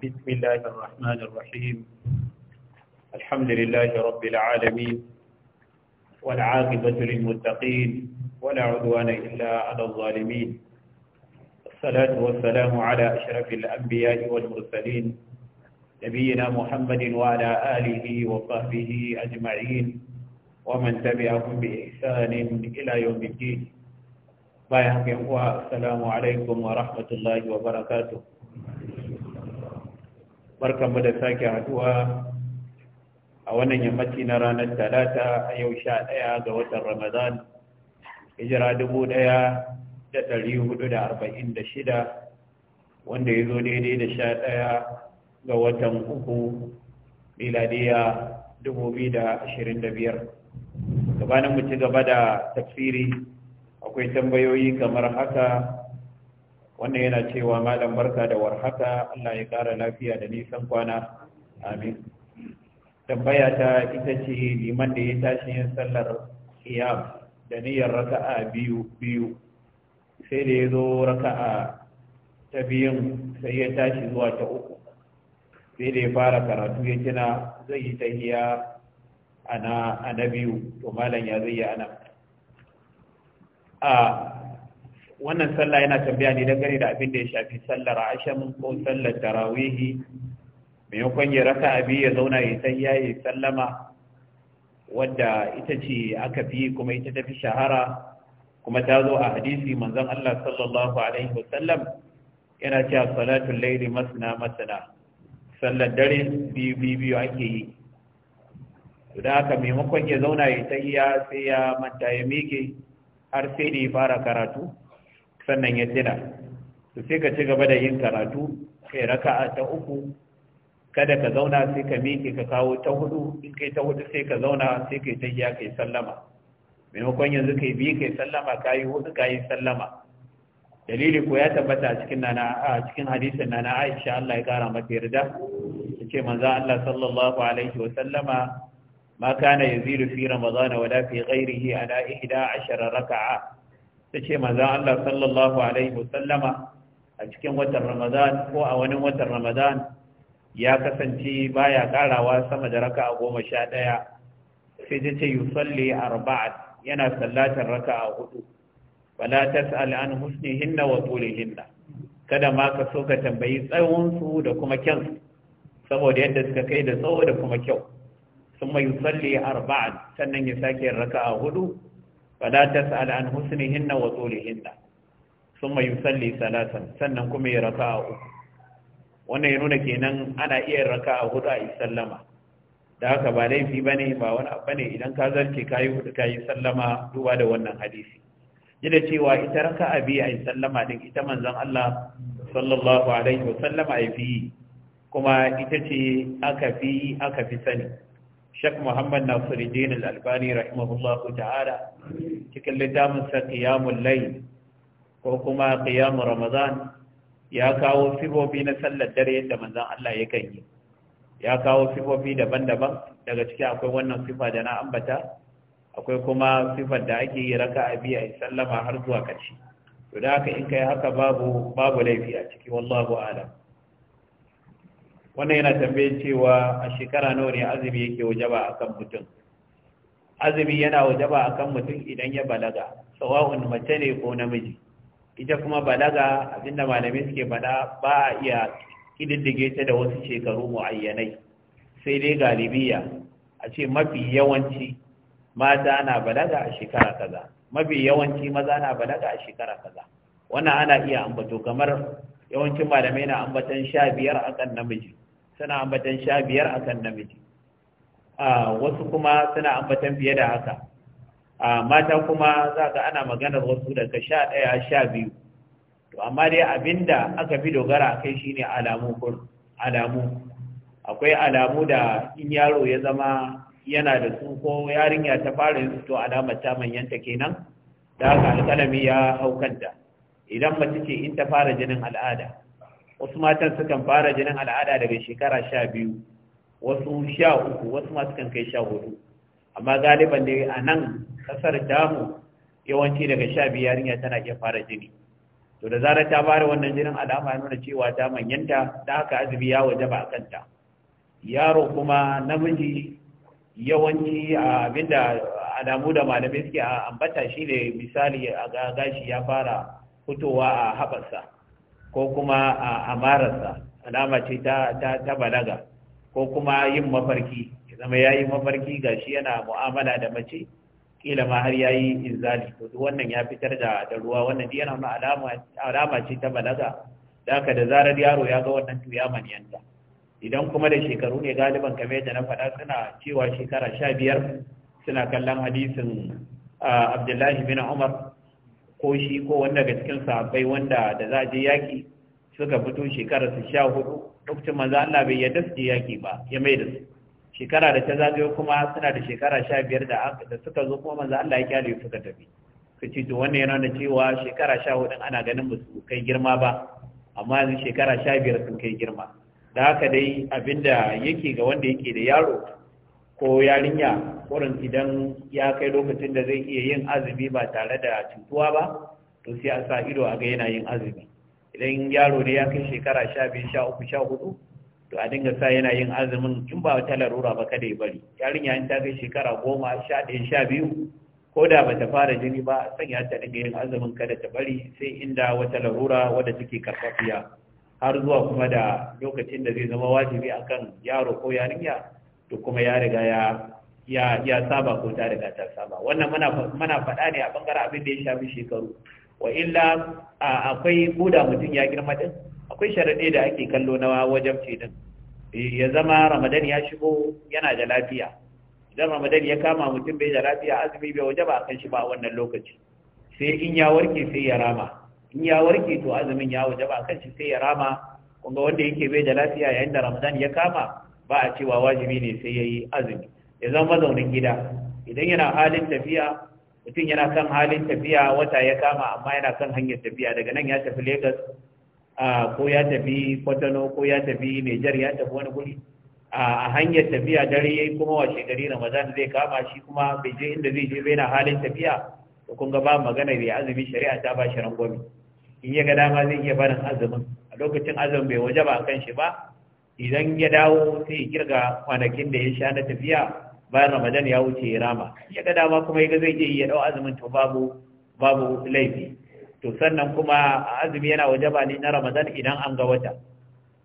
بسم الله الرحمن الرحيم الحمد لله رب العالمين والعاقبة للمتقين ولا عدوان إلا على الظالمين الصلاة والسلام على أشرف الأنبياء والمرسلين نبينا محمد وعلى آله وصحبه أجمعين ومن تبعهم بإحسان إلى يوم الدين السلام عليكم ورحمة الله وبركاته barkanmu da sake haduwa a wannan yammaci na ranar talata a yau sha ɗaya ga watan ramadan hijira dubu ɗaya da ɗari hudu da arba'in da shida wanda ya zo daidai da sha ɗaya ga watan uku miladiya dubu biyu da ashirin da biyar gabanin mu ci gaba da tafsiri akwai tambayoyi kamar haka wannan yana cewa malam barka da warhaka Allah ya kara lafiya da nisan kwana amin tambaya ta ita ce liman da ya tashi yin sallar qiyam da niyyar raka'a biyu biyu sai da ya zo raka'a ta biyun sai ya tashi zuwa ta uku sai da ya fara karatu ya kina zai yi tahiya ana ana biyu to malam ya zai yi ana a wannan sallah yana tambaya ne dangane da abin da ya shafi sallar asham ko sallar tarawihi maimakon ya raka abi ya zauna ya san yi sallama wadda ita ce aka fi kuma ita tafi shahara kuma ta zo a hadisi manzon Allah sallallahu alaihi wa sallam!" yana cewa salatul layli masna masna sallar dare biyu biyu ake yi da haka maimakon ya zauna ya tahiya sai ya manta ya mike har sai da ya fara karatu sannan ya tuna to sai ka ci gaba da yin karatu kai raka'a ta uku kada ka zauna sai ka miƙe ka kawo ta hudu in kai ta hudu sai ka zauna sai kai tahiya kai sallama maimakon yanzu kai biyu kai sallama kayi hudu kayi sallama dalili ko ya tabbata a cikin nana a cikin hadisin nana Aisha Allah ya kara mata yarda yace manzo Allah sallallahu alaihi wa sallama ma kana yazidu fi ramadana wala fi ghairihi ala 11 raka'a ta ce maza Allah sallallahu alaihi wasallama a cikin watan ramadan ko a wani watan ramadan ya kasance baya karawa sama da raka a goma sha ɗaya sai ta ce yusalli arba'at yana sallatar raka a hudu wala tas'al an husnihinna wa hinna kada ma ka so ka tambayi tsawonsu da kuma kyansu saboda yadda suka kai da tsawo da kuma kyau sun mai yusalli arba'at sannan ya sake raka'a hudu fala tas'al an husnihinna wa tulihinna thumma salli salasa, sannan kuma ya a uku wannan ya nuna kenan ana iya a hudu a sallama da haka ba laifi ne ba wani abu ne idan ka zarce kayi hudu yi sallama duba da wannan hadisi da cewa ita raka a biyu a sallama din ita manzon Allah sallallahu alaihi wa sallama yi biyu, kuma ita ce aka fi aka fi sani Sheikh Muhammad Nasiruddin Al-Albani rahimahullahu ta'ala cikin littafin sa qiyamul layl ko kuma qiyamul ramadan ya kawo sifofi na sallar dare yadda manzon Allah ya kan yi ya kawo sifofi daban-daban daga ciki akwai wannan sifa da na ambata akwai kuma sifar da ake yi a biyu a sallama har zuwa ƙarshe to da haka in kai haka babu babu laifi a ciki wallahu a'lam wannan yana tambayin cewa a shekara nawa ne azumi yake wajaba akan mutum azumi yana wajaba akan mutum idan ya balaga sawa'un mace ne ko namiji ita kuma balaga abinda malamai suke faɗa ba a iya kididdige ta da wasu shekaru mu'ayyanai sai dai galibiya a ce mafi yawanci mata na balaga a shekara kaza mafi yawanci maza na balaga a shekara kaza wannan ana iya ambato kamar yawancin malamai na ambatan sha biyar akan namiji suna ambatan sha biyar a kan namiji wasu kuma suna ambatan fiye da haka mata kuma za ga ana maganar wasu daga sha ɗaya sha biyu to amma dai abinda aka fi dogara a kai shine alamu alamu akwai alamu da in yaro ya zama yana da su ko yarinya ta fara yin to alamar ta manyanta kenan da haka alƙalami ya haukanta idan mace ce in ta fara jinin al'ada wasu matan sukan fara jinin al'ada daga shekara sha biyu wasu sha uku wasu masu sukan kai sha hudu amma galiban ne a nan kasar damu yawanci daga sha biyu yarinya tana iya fara jini to da zarar ta fara wannan jinin alama nuna cewa ta manyanta da haka azumi ya wajaba a kanta yaro kuma namiji yawanci abinda alamu da malamai suke ambata shine misali a gashi ya fara fitowa a haɓarsa ko kuma a marasa alama ce ta balaga ko kuma yin mafarki ya zama ya yi mafarki ga shi yana mu'amala da mace kila ma har ya yi inzali to duk wannan ya fitar da da ruwa wannan dai yana alama ce ta balaga da ka da zarar yaro ya ga wannan to manyanta idan kuma da shekaru ne galiban kamar yadda na faɗa suna cewa shekara sha biyar suna kallon hadisin ah, abdullahi bin umar ko shi ko wanda daga cikin sahabbai wanda da za je yaki suka fito shekara su sha hudu lokacin manzo Allah bai yadda su je yaki ba ya mai da su shekara da ta zagayo kuma suna da shekara sha biyar da suka zo kuma manzo Allah ya kyale suka tafi ka ce to wannan yana da cewa shekara sha hudu ana ganin ba su kai girma ba amma yanzu shekara sha biyar sun kai girma da haka dai abinda yake ga wanda yake da yaro ko yarinya wurin idan ya kai lokacin da zai iya yin azumi ba tare da cutuwa ba to sai a sa ido a ga yana yin azumi idan yaro ne ya kai shekara sha biyu sha uku sha hudu to a dinga sa yana yin azumin in ba ta larura ba kada ya bari yarinya in ta kai shekara goma sha ɗaya sha biyu ko da ba ta fara jini ba sanya ta dinga yin azumin kada ta bari sai inda wata larura wadda take karfafiya har zuwa kuma da lokacin da zai zama wajibi akan yaro ko yarinya to kuma ya riga ya ya saba ko ta riga ta saba wannan muna faɗa ne a bangaren abin da ya shafi shekaru wa illa akwai koda mutum ya girma din akwai sharaɗe da ake kallo na wajen ce din eh, ya zama ramadan ya shigo yana da lafiya idan ramadan ya kama mutum bai da lafiya azumi bai waje ba a kan shi ba a wannan lokaci sai in ya warke sai ya rama in ya warke to azumin ya waje ba a kan shi sai ya rama kunga wanda yake bai da lafiya yayin da ramadan ya kama ba a cewa wajibi ne sai ya yi azumi ya zama mazaunin gida idan yana halin tafiya mutum yana kan halin tafiya wata ya kama amma yana kan hanyar tafiya daga nan ya tafi lagos ko ya tafi kwatano ko ya tafi niger ya tafi wani guri a hanyar tafiya dare ya yi kuma wa shekari ramadan zai kama shi kuma bai je inda zai je bai na halin tafiya to kun ga ba magana bai azumi shari'a ta ba shi rangwami in ya ga dama zai iya barin azumin a lokacin azumin bai waje ba kan shi ba idan ya dawo sai ya kirga kwanakin da ya sha na tafiya bayan ramadan ya wuce ya rama ya ga dama kuma ya zai iya yi ya dau azumin to babu babu laifi to sannan kuma azumi yana wajaba ne na ramadan idan an ga wata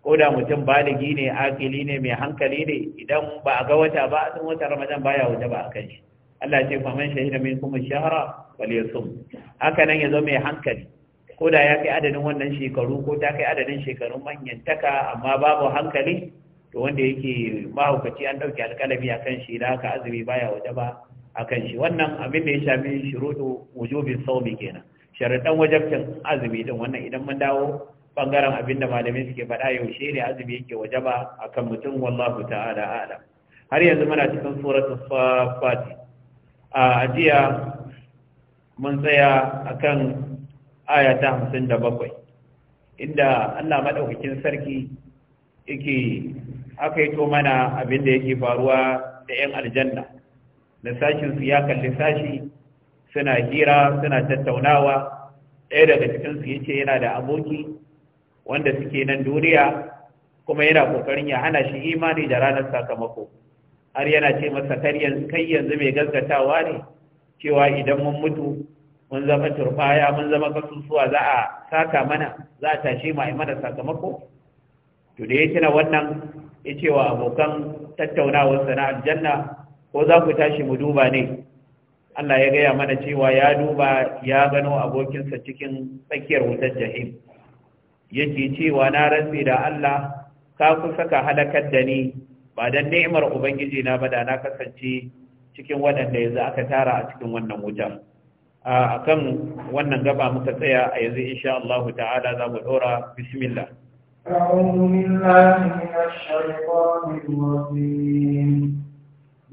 ko da mutum baligi ne akili ne mai hankali ne idan ba a ga wata ba a wata ramadan baya wajaba a kai Allah ce fa man shahida minkum shahra falyasum haka nan zo mai hankali ko da ya kai adadin wannan shekaru ko ta kai adadin shekarun manyan taka amma babu hankali to wanda yake mahaukaci an ɗauki alƙalami a kan shi da haka azumi baya waje ba a kan shi wannan abin da ya shafi shirudu wujubin saumi kenan sharaɗan wajabcin azumi din wannan idan mun dawo bangaren abin da malamai suke faɗa yaushe ne azumi yake waje ba a kan mutum wallahu ta'ala a'lam har yanzu muna cikin suratu safati a ajiya mun tsaya akan aya ta hamsin da bakwai inda Allah maɗaukakin sarki yake aka yi to mana abin da yake faruwa da 'yan aljanna da sashinsu ya kalli sashi suna hira suna tattaunawa ɗaya daga cikinsu ya ce yana da aboki wanda suke nan duniya kuma yana kokarin ya hana shi imani da ranar sakamako har yana ce masa kai yanzu mai gaskatawa ne cewa idan mun mutu mun zama turbaya mun zama kasusuwa za a saka mana za a tashe mai mana sakamako to da ya na wannan ya ce wa abokan tattaunawar sana aljanna ko za ku tashi mu duba ne Allah ya gaya mana cewa ya duba ya gano abokinsa cikin tsakiyar wutar jahim yake cewa na rantsi da Allah ka ku saka halakar da ni ba dan ni'imar ubangiji na ba da na kasance cikin waɗanda yanzu aka tara a cikin wannan wutar akan wannan gaba muka tsaya a yanzu insha Allah ta'ala za mu dora bismillah أعوذ بالله من الشيطان الرجيم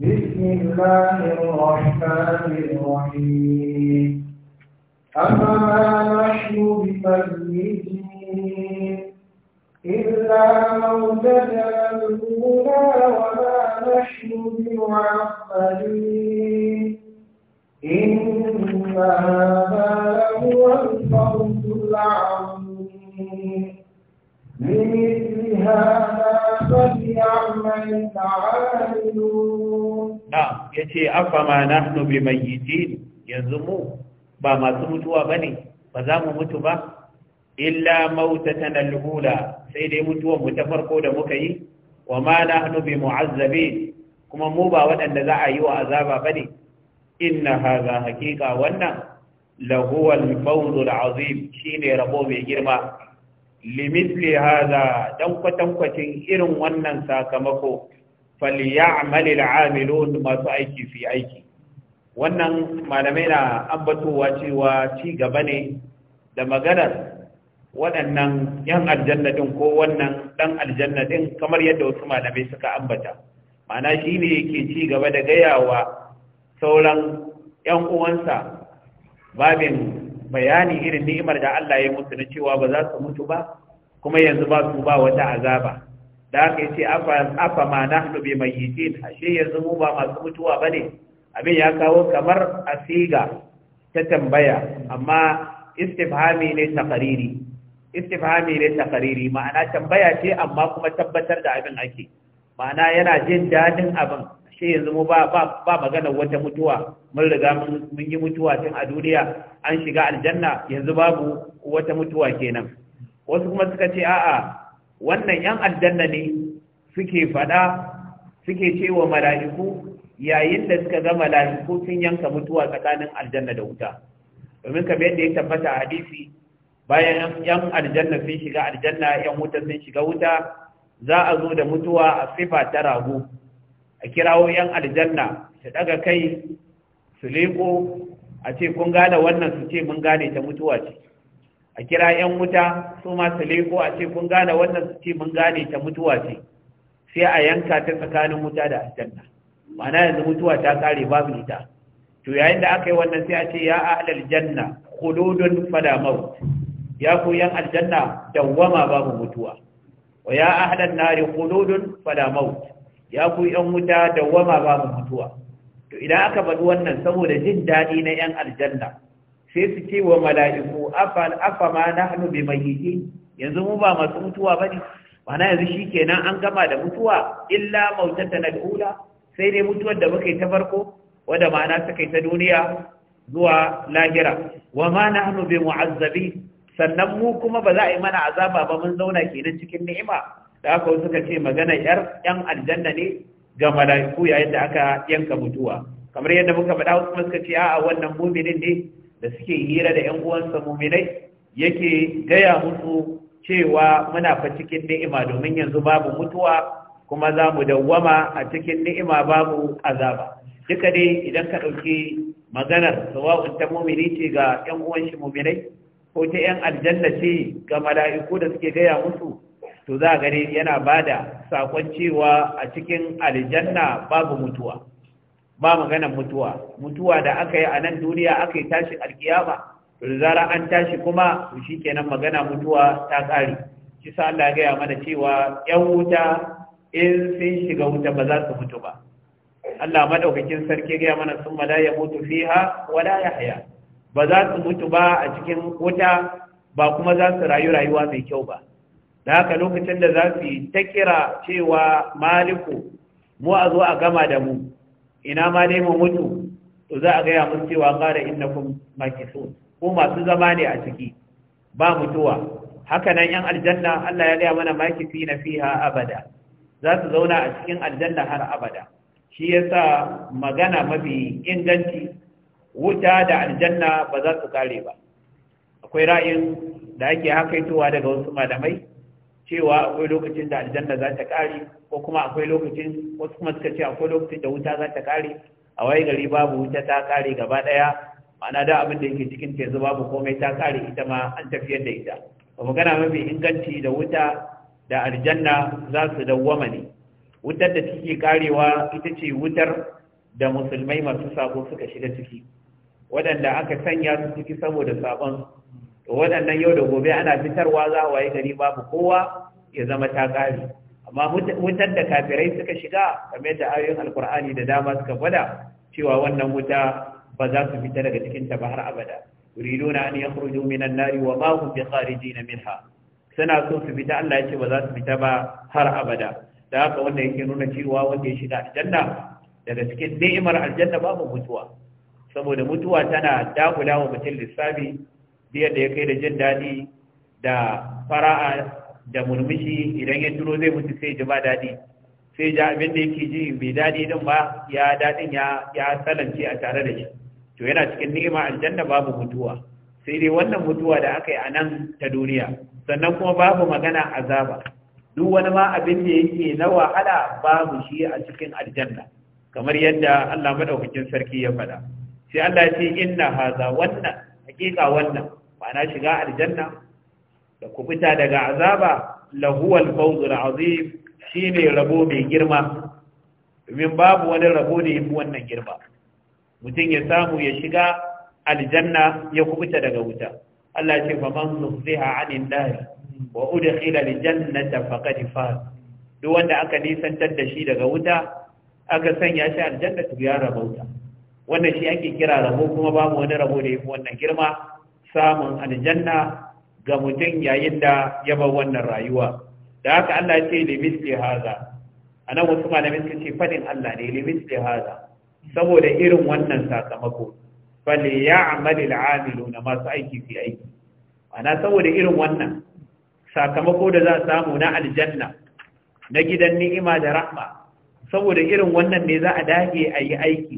بسم الله الرحمن الرحيم أما نحن بميتين إلا موتنا الأولى وما نحن بمعقلين إن هذا هو الفوز العظيم لمثل هذا فليعمل العاملون نعم يتي أفما نحن بميتين ba masu mutuwa ba ne ba za mu mutu ba illa Mauta ta ula sai dai mutuwar mu ta farko da muka yi wa ma nahnu bi kuma mu ba waɗanda za a yi wa azaba ba ne? inna haza hakika wannan lahuwal fawzul azim shine rabo mai girma limithli hadha dan kwatin irin wannan sakamako falyamalil amilun ma masu aiki fi aiki wannan malamai na ambatowa cewa ci gaba ne da maganar waɗannan 'yan aljannatin ko wannan ɗan aljannatin kamar yadda wasu malamai suka ambata ma'ana shine yake ci gaba da gayawa sauran ‘yan uwansa babin bayani irin ni'imar da Allah ya musu na cewa ba za su mutu ba kuma yanzu ba su ba wata azaba da aka yi ce afa ma mai yi mayyitin ashe yanzu mu ba masu mutuwa ba ne? abin ya kawo kamar asiga ta tambaya amma istifhami ne takariri istifhami ne takariri, ma'ana tambaya ce amma kuma tabbatar da abin ake ma'ana yana jin dadin abin shi yanzu mu ba ba ba magana wata mutuwa mun riga mun yi mutuwa tun a duniya an shiga aljanna yanzu babu wata mutuwa kenan wasu kuma suka ce a'a wannan yan aljanna ne suke fada suke cewa mala'iku yayin da suka ga mala'iku sun yanka mutuwa tsakanin aljanna da wuta domin kamar yadda ya tabbata a hadisi bayan yan aljanna sun shiga aljanna yan wuta sun shiga wuta za a zo da mutuwa a sifa ta rago a kirawo yan aljanna su daga kai su leko a ce kun gane wannan su ce mun gane ta mutuwa ce a kira yan wuta su ma su leko a ce kun gane wannan su ce mun gane ta mutuwa ce sai a yanka ta tsakanin wuta da aljanna ma'ana yanzu mutuwa ta kare babu ita to yayin da aka yi wannan sai a ce ya ahlal janna khuludun fala maut ya ku yan aljanna dawwama babu mutuwa wa ya ahlan nari khuludun fala maut ya ku yan wuta da ba mu mutuwa to idan aka faɗi wannan saboda jin daɗi na yan aljanna sai su ce wa mala'iku afal afama nahnu bimayyiti yanzu mu ba masu mutuwa bane mana yanzu shikenan an gama da mutuwa illa mautatan al'ula sai dai mutuwar da muka ta farko wanda ma'ana suka ta duniya zuwa lahira wa ma nahnu bi mu'azzabi sannan mu kuma ba za a yi mana azaba ba mun zauna kenan cikin ni'ima da aka suka ce magana yar yan aljanna ne ga mala'iku yayin da aka yanka mutuwa kamar yadda muka faɗa wasu suka ce a'a wannan muminin ne da suke hira da yan uwansa muminai yake gaya musu cewa muna fa cikin ni'ima domin yanzu babu mutuwa kuma za mu dawwama a cikin ni'ima babu azaba duka dai idan ka ɗauki maganar sawa'un ta mumini ce ga yan uwan shi muminai ko ta yan aljanna ce ga mala'iku da suke gaya musu to za a gani yana ba da sakon cewa a cikin aljanna babu mutuwa ba maganan mutuwa mutuwa da aka yi a nan duniya aka yi tashi alkiyama to da zara an tashi kuma to shikenan magana mutuwa ta kare Kisa sa Allah gaya mana cewa yan wuta in sun shiga wuta ba za su mutu ba Allah madaukakin sarki gaya mana sun mala ya mutu fiha wala haya. ba za su mutu ba a cikin wuta ba kuma za su rayu rayuwa mai kyau ba da haka lokacin da za su yi ta kira cewa maliku mu a zo a gama da mu ina ma dai mu mutu to za a gaya mun cewa ƙara innakum makisun ko masu zama ne a ciki ba mutuwa haka nan yan aljanna Allah ya gaya mana makifi na fiha abada za su zauna a cikin aljanna har abada shi yasa magana mafi inganci wuta da aljanna ba za su kare ba akwai ra'ayin da ake hakaitowa daga wasu malamai cewa akwai lokacin da aljanna za ta kare ko kuma akwai lokacin wasu kuma suka ce akwai lokacin da wuta za ta kare a wai gari babu wuta ta kare gaba daya ma'ana da abin da yake cikin yanzu babu komai ta kare ita ma an tafiyar da ita ba magana mafi inganci da wuta da aljanna za su dawwama ne wutar da take karewa ita ce wutar da musulmai masu sako suka shiga ciki waɗanda aka sanya su ciki saboda sabon to waɗannan yau da gobe ana fitarwa za a waye gari babu kowa ya zama ta ƙare amma wutar da kafirai suka shiga kamar da ayoyin alkur'ani da dama suka gwada cewa wannan wuta ba za su fita daga cikin ta ba har abada yuriduna an yakhruju minan nari wa ma hum bikharijin minha suna so su fita Allah ya ce ba za su fita ba har abada da haka wannan yake nuna cewa wanda ya shiga aljanna daga cikin ni'imar aljanna babu mutuwa saboda mutuwa tana dagula wa mutum lissafi biyar da ya kai da jin daɗi da fara'a da murmushi idan ya turo zai mutu sai ji ba daɗi sai ja abin da yake ji bai daɗi din ba ya daɗin ya ya salance a tare da shi to yana cikin ni'ima aljanna babu mutuwa sai dai wannan mutuwa da aka yi a nan ta duniya sannan kuma babu magana azaba duk wani ma abin da yake na wahala babu shi a cikin aljanna kamar yadda Allah madaukakin sarki ya faɗa sai Allah ya ce inna haza wannan haƙiƙa wannan ma'ana shiga aljanna da ku fita daga azaba lahuwal fawzul azim shine rabo mai girma domin babu wani rabo da yafi wannan girma mutum ya samu ya shiga aljanna ya kubuta daga wuta Allah ce fa man nufsiha anin nar wa udkhila aljannata faqad faz duk wanda aka nisantar da shi daga wuta aka sanya shi aljanna to ya rabauta wannan shi ake kira rabo kuma babu wani rabo da yafi wannan girma samun aljanna ga mutum yayin da ya bar wannan rayuwa da haka Allah ya ce li misli haza anan wasu malami suka ce fadin Allah ne li misli haza saboda irin wannan sakamako fal ya'malu na masu aiki fi aiki ana saboda irin wannan sakamako da za samu na aljanna na gidan ni'ima da rahma saboda irin wannan ne za a dage a yi aiki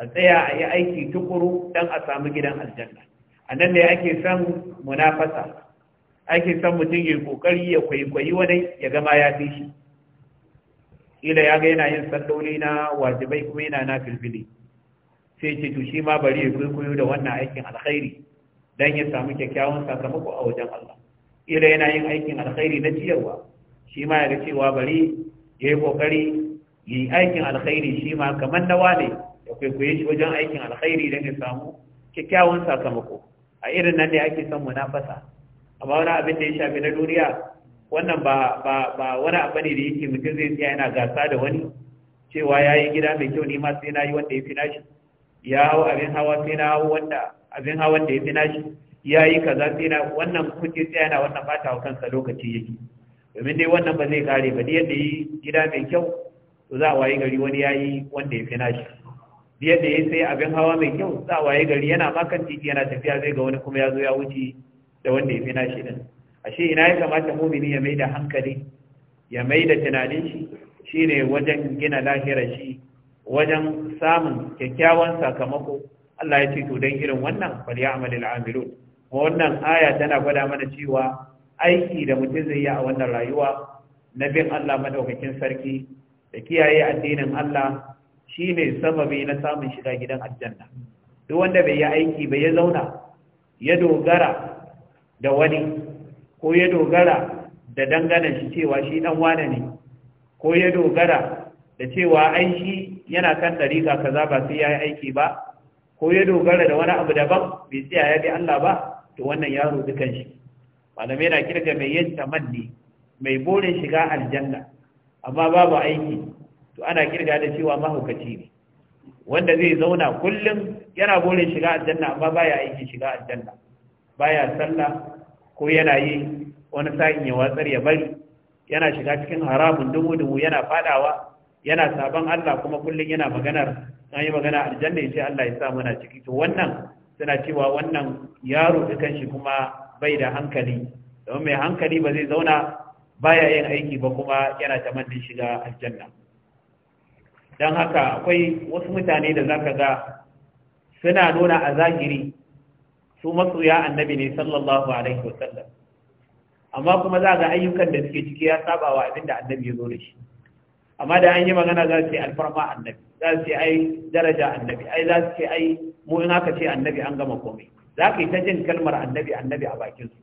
a tsaya a yi aiki tukuru don a samu gidan aljanna a nan ne ake son munafasa ake son mutum ya kokari ya kwaikwayi wani ya gama ya fi shi ila ya ga yana yin salloli na wajibai kuma yana na filfili sai ce to shi ma bari ya kwaikwayo da wannan aikin alkhairi dan ya samu kyakkyawan sakamako a wajen Allah ila yana yin aikin alkhairi na ciyarwa shi ma ya ga cewa bari ya yi kokari ya yi aikin alkhairi shi ma kamar na wane ya kwaikwaye shi wajen aikin alkhairi dan ya samu kyakkyawan sakamako a irin nan ne ake son munafasa amma wani abin da ya shafi na duniya wannan ba wani abu ne da yake mutum zai tsaya yana gasa da wani cewa ya yi gida mai kyau ne ma sai na yi wanda ya fi nashi ya hau abin hawa sai na hau wanda abin hawan da ya fi nashi ya yi kaza sai na wannan kuke tsaya yana wannan ta hau kansa lokaci yake domin dai wannan ba zai kare ba dai yadda yi gida mai kyau za a wayi gari wani ya yi wanda ya fi nashi biyar da ya sai abin hawa mai kyau sa waye gari yana makan titi yana tafiya zai ga wani kuma ya zo ya wuce da wanda ya fi nashi din ashe ina ya kamata mumini ya mai da hankali ya mai da tunanin shi shine wajen gina lahirar shi wajen samun kyakkyawan sakamako Allah ya ce to dan irin wannan fal ya'malul Ma wannan aya tana gwada mana cewa aiki da mutum zai yi a wannan rayuwa na bin Allah madaukakin sarki da kiyaye addinin Allah Shi ne sababi na samun shiga gidan aljanna duk wanda bai yi aiki bai ya zauna ya dogara da wani ko ya dogara da dangana shi cewa shi dan wane ne ko ya dogara da cewa ai shi yana kan dariƙa kaza ba sai ya yi aiki ba ko ya dogara da wani abu daban bai tsaya ya bi Allah ba to wannan yaro dukan shi malamai na kirga mai yin tamanni mai burin shiga aljanna amma babu aiki to ana kirga da cewa mahaukaci ne wanda zai zauna kullum yana bore shiga aljanna amma baya aiki shiga aljanna baya sallah ko yana yi wani sa'in ya watsar ya bari yana shiga cikin haramun dumu dumu yana fadawa yana sabon Allah kuma kullum yana maganar an yi magana aljanna ya ce Allah ya sa muna ciki to wannan suna cewa wannan yaro dukan shi kuma bai da hankali domin mai hankali ba zai zauna baya yin aiki ba kuma yana ta tamannin shiga aljanna don haka akwai wasu mutane da zaka ga suna nuna a zahiri su ya annabi ne sallallahu alaihi wasallam amma kuma za ga ayyukan da suke ciki ya saba wa abin da annabi ya zo da shi amma da an yi magana za su yi alfarma annabi za su yi ai daraja annabi ai za su ce ai mu in aka ce annabi an gama komai za ka yi ta jin kalmar annabi annabi a bakin su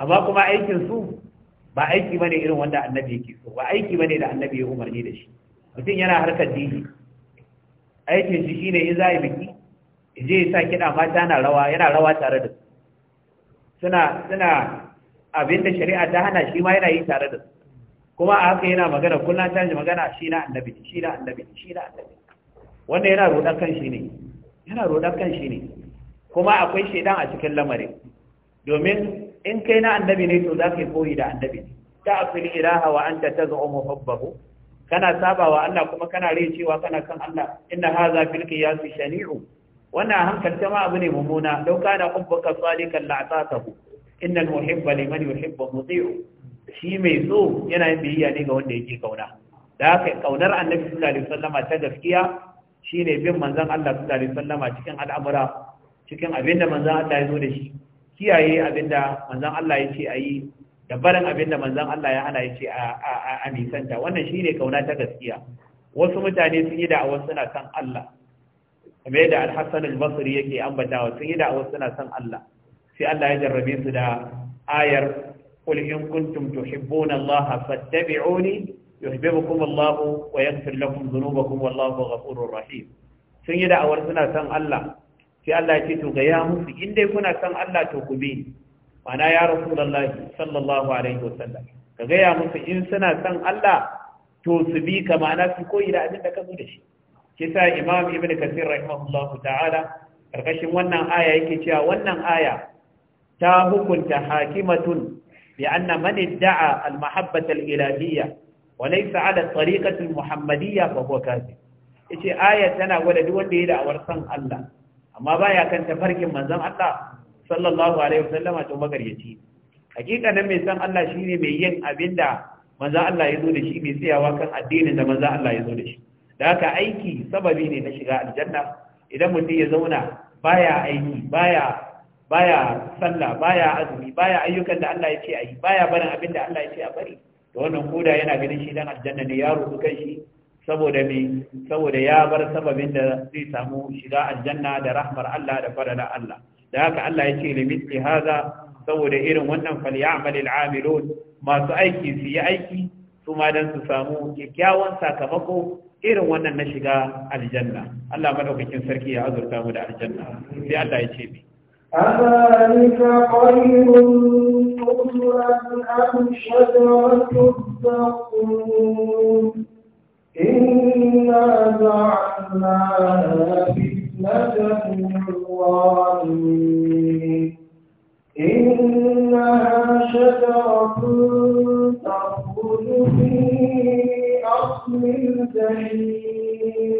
amma kuma aikin su ba aiki bane irin wanda annabi yake so ba aiki bane da annabi ya umarni da shi mutum yana harkar dini aikin shi shine in za a yi biki je ya sa kiɗa mata na rawa yana rawa tare da su suna abinda shari'a ta hana shi ma yana yi tare da su kuma a haka yana magana kullum ta ji magana shi na annabi shi na annabi shi na annabi wannan yana roɗar kan shi ne yana roɗar kan shi ne kuma akwai shaidan a cikin lamarin domin in kai na annabi ne to za ka yi koyi da annabi ta afil ilaha wa anta tazumu hubbahu kana sabawa Allah kuma kana rai cewa kana kan Allah inna haza fil qiyasi shani'u wannan hankalta ma abu ne mummuna dau kana hubbuka salikan la'atatahu innal muhibba liman yuhibbu muti'u shi mai so yana yin biyayya ne ga wanda yake kauna da haka kaunar annabi sallallahu alaihi wasallama ta gaskiya shine bin manzon Allah sallallahu alaihi wasallama cikin al'amura cikin abinda manzon Allah ya zo da shi kiyaye abinda manzon Allah ya ce ayi da barin abin da manzon Allah ya hana ya ce a nisanta wannan shi ne kauna ta gaskiya wasu mutane sun yi da'awar suna san Allah kamar yadda al-Hassan al-Basri yake ambatawa sun yi da'awar suna san Allah sai Allah ya jarrabe su da ayar qul in kuntum tuhibbuna Allah fattabi'uni yuhibbukum Allah wa yaghfir lakum dhunubakum wallahu ghafurur rahim sun yi da'awar suna san Allah sai Allah ya ce to ga ya musu in dai kuna san Allah to ku bi mana ya rasulullahi sallallahu alaihi wasallam ka gaya musu in suna son Allah to su bi ka ma'ana su koyi da abin da ka zo da shi kisa imam ibn kasir rahimahullahu ta'ala karkashin wannan aya yake cewa wannan aya ta hukunta hakimatun bi anna man idda'a al-mahabbata al-ilahiyya wa laysa 'ala tariqati al-muhammadiyya fa huwa kafir yace aya tana gwada duk wanda ya da'awar san Allah amma baya kan tafarkin manzon Allah sallallahu alaihi wasallama to magaryaci hakikanin mai san Allah shine mai yin abinda manzo Allah ya zo da shi mai tsayawa kan addinin da manzo Allah ya zo da shi da haka aiki sababi ne na shiga aljanna idan mutum ya zauna baya aiki baya baya sallah baya azumi baya ayyukan da Allah ya ce ayi baya barin abin da Allah ya ce a bari to wannan koda yana ganin shi dan aljanna ne ya rubu kan shi saboda me saboda ya bar sababin da zai samu shiga aljanna da rahmar Allah da fadala Allah da haka Allah ya ce limiti haza saboda irin wannan falyamal al'amilun masu aiki su yi aiki su ma dan su samu kyakkyawan sakamako irin wannan na shiga aljanna Allah madaukakin sarki ya azurta mu da aljanna sai Allah ya ce أذلك خير نزلا أم شجرة الزقوم إنا جعلناها فتنة الظالمين إنها شجرة تخرج في أصل الجحيم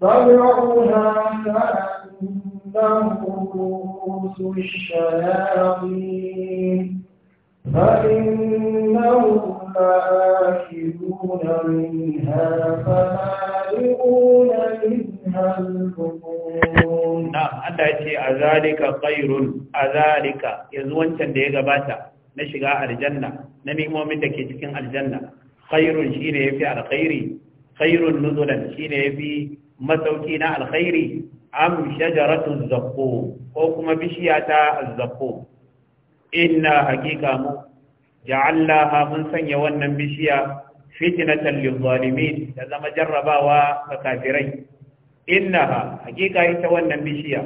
طلعها كأنه رؤوس الشياطين فإنهم لآكلون منها فمالئون Allah ce a zalika ƙairun a zalika yanzu wancan da ya gabata na shiga aljanna na nimomin da ke cikin aljanna ƙairun shi ne ya fi alkhairi ƙairun nuzulan shi ne ya fi masauki na alkhairi am shajaratun zakko ko kuma bishiya ta zakko inna hakika mu ja'allaha mun sanya wannan bishiya fitnatan lil zalimin da zama jarrabawa ga kafirai innaha hakika ita wannan bishiya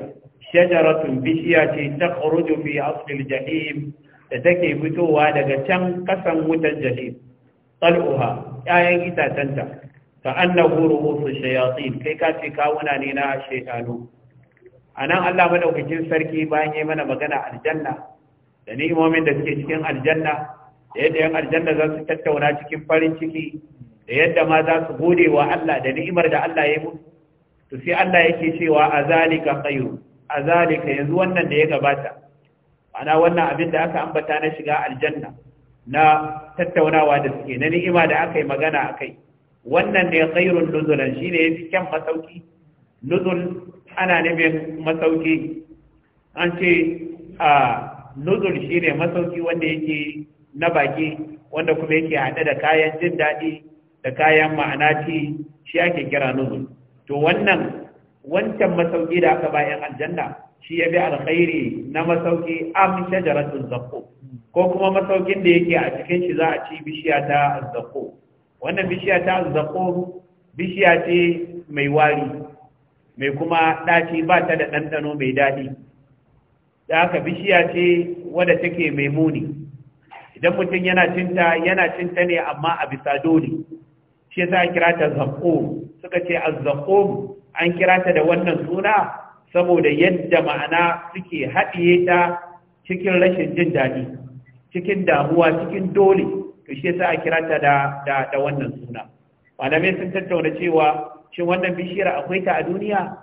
shajaratun bishiya ce ta khuruju fi jahim da take fitowa daga can kasan wutar jahim tal'uha ita itatanta ka annahu ruhusu shayatin kai ka ce kawuna ne na shaytanu anan Allah madaukakin sarki bayan yayi mana magana aljanna da ni'imomin da suke cikin aljanna da yadda yan aljanna za su tattauna cikin farin ciki da yadda ma za su gode wa Allah da ni'imar da Allah ya mutu to sai Allah yake cewa azalika khairu azalika yanzu wannan da ya gabata ana wannan abin da aka ambata na shiga aljanna na tattaunawa da suke na ni'ima da aka yi magana a kai. wannan ne khairun nuzulan shine yafi kyan masauki nuzul ana nufin masauki an ce a shi ne masauki wanda yake na baki wanda kuma yake haɗe da kayan jin daɗi da kayan ma'ana ci shi ake kira nuzul to wannan wancan masauki da aka bayan aljanna shi ya bi alkhairi na masauki am shajaratul zakko ko kuma masaukin da yake a cikin shi za a ci bishiya ta zakko wannan bishiya ta zakko bishiya ce mai wari mai kuma ɗaci ba ta da ɗanɗano mai daɗi da aka bishiya ce wadda take mai muni idan mutum yana cinta yana cinta ne amma a bisa dole shi yasa kira ta zaqqum suka ce az an kira ta da wannan suna saboda yadda ma'ana suke haɗiye ta cikin rashin jin daɗi cikin damuwa cikin dole to shi yasa a kira ta da da, wannan suna malamai sun tattauna cewa shin wannan bishiyar akwai ta a duniya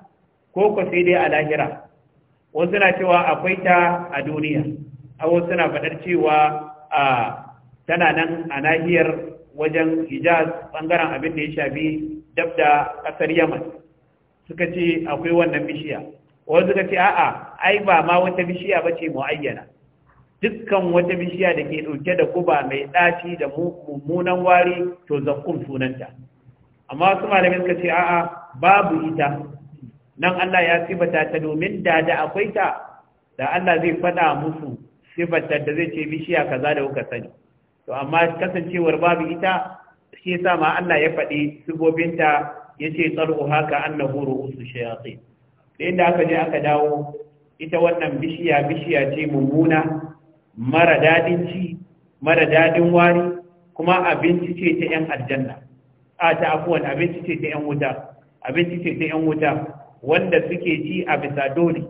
ko ko sai dai a lahira wasu na cewa akwai ta a duniya a wasu suna faɗar cewa a tana nan a nahiyar wajen hijaz ɓangaren abin da ya shafi dab da ƙasar yaman suka ce akwai wannan bishiya wasu suka ce a'a ai ba ma wata bishiya ba ce mu'ayyana dukkan wata bishiya da ke ɗauke da guba mai ɗaci da mummunan wari to zakkun sunanta amma wasu malamin suka ce a'a babu ita nan Allah ya sifata ta domin da da akwai ta da Allah zai faɗa musu sifata da zai ce bishiya kaza da kuka sani to amma kasancewar babu ita shi yasa ma Allah ya faɗi ya yace tsaro haka annahu ru'usu shayatin da inda aka je aka dawo ita wannan bishiya bishiya ce mummuna mara dadin ci mara dadin wari kuma abinci ce ta yan aljanna a ta afuwan abinci ce ta yan wuta abinci ce ta yan wuta wanda suke ci a bisa dole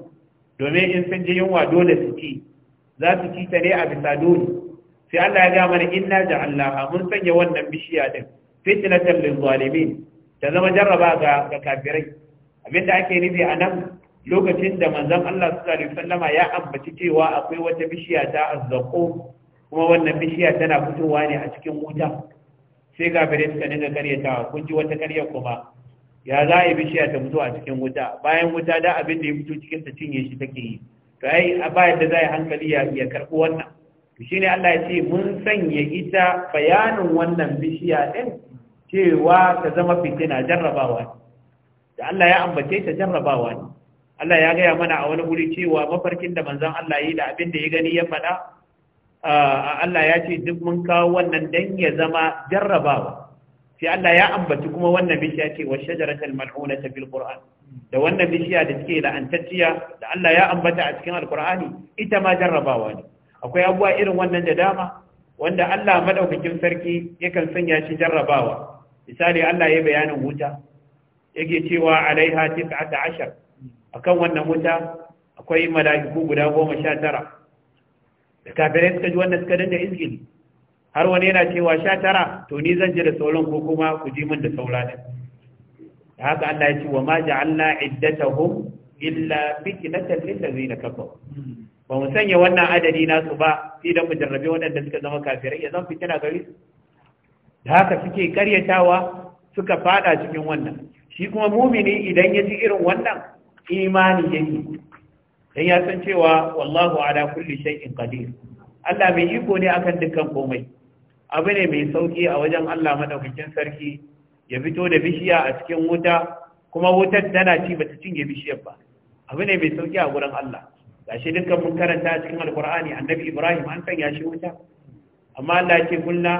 domin in sun ji yunwa dole su ci za su ci ta ne a bisa dole sai Allah ya ga mana inna ja'alnaha mun sanya wannan bishiya din fitnatan lil zalimin ta zama jarraba ga ga kafirai abinda ake nufi a nan lokacin da manzon Allah sallallahu alaihi wasallama ya ambaci cewa akwai wata bishiya ta azzaqo kuma wannan bishiya tana fitowa ne a cikin wuta sai kafirai suka dinga karyatawa kun ji wata karyar kuma ya za a yi bishiya ta fito a cikin wuta bayan wuta da abin da ya fito cikin ta cinye shi take yi to ai a bayan da za a hankali ya ya karbo wannan to shine Allah ya ce mun sanya ita bayanin wannan bishiya din cewa ta zama fitina jarrabawa da Allah ya ambace ta jarrabawa ne Allah ya gaya mana a wani guri cewa mafarkin da manzon Allah yi da abin da ya gani ya faɗa Allah ya ce duk mun kawo wannan dan ya zama jarrabawa sai Allah ya ambaci kuma wannan bishiya ce wa shajaratul ta fil qur'an da wannan bishiya da take la'antacciya da Allah ya ambata a cikin alqur'ani ita ma jarrabawa ne akwai abuwa irin wannan da dama wanda Allah madaukakin sarki yakan sanya shi jarrabawa misali Allah ya bayanin wuta yake cewa alaiha 19 akan wannan wuta akwai mala'iku guda tara da kafirai suka ji wannan suka dinga izgili har wani yana cewa sha tara to ni zan je da sauran ko kuma ku ji min da saura da haka Allah ya ce wa ma ja'alna iddatahum illa fitnatan lil kafaru ba mu sanya wannan adadi nasu ba idan mu jarrabe wadanda suka zama kafirai ya zan fitina gari da haka suke karyatawa suka fada cikin wannan shi kuma mumini idan ya ji irin wannan imani yake dan ya san cewa wallahu ala kulli shay'in qadir Allah mai iko ne akan dukkan komai abu ne mai sauki a wajen Allah madaukakin sarki ya fito da bishiya a cikin wuta kuma wutar tana ci bata cinye bishiyar ba abu ne mai sauki a gurin Allah gashi dukkan mun karanta a cikin alkur'ani annabi Ibrahim an sanya shi wuta amma Allah ya ce kunna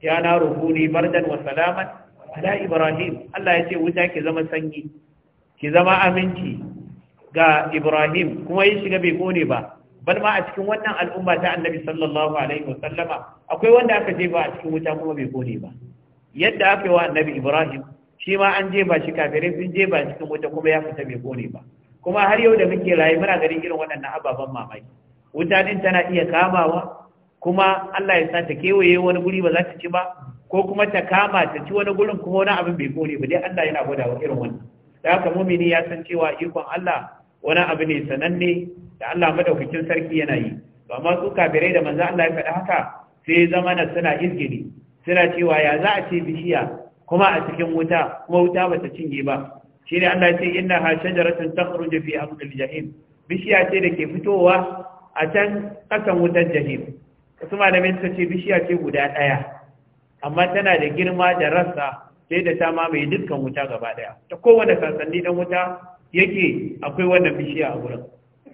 ya na ruhuni bardan wa salaman ala Ibrahim Allah ya ce wuta ki zama sanyi ki zama aminci ga Ibrahim kuma ya shiga bai kone ba bal ma a cikin wannan al'umma ta annabi sallallahu alaihi wa sallama akwai wanda aka je ba a cikin wuta kuma bai kone ba yadda aka yi wa annabi ibrahim shi ma an je shi kafire sun ba cikin wuta kuma ya fita bai kone ba kuma har yau da muke rayu muna ganin irin waɗannan ababen mamaki wuta din tana iya kamawa kuma Allah ya sa ta kewaye wani guri ba za ta ci ba ko kuma ta kama ta ci wani gurin kuma wani abin bai kone ba dai Allah yana gwada wa irin wannan da haka mumini ya san cewa ikon Allah wani abu ne sananne da Allah madaukakin sarki yana yi Ba amma su kafirai da manzo Allah ya faɗi haka sai zama na suna izgiri suna cewa ya za a ce bishiya kuma a cikin wuta kuma wuta bata cinye ba shine Allah ya ce inna ha shajaratun takhruju fi amdil jahim bishiya ce da ke fitowa a can kasan wutar jahim wasu malamin suka ce bishiya ce guda ɗaya amma tana da girma da rassa sai da ta mamaye dukkan wuta gaba ɗaya ta kowane sansanni dan wuta yake akwai wannan bishiya a wurin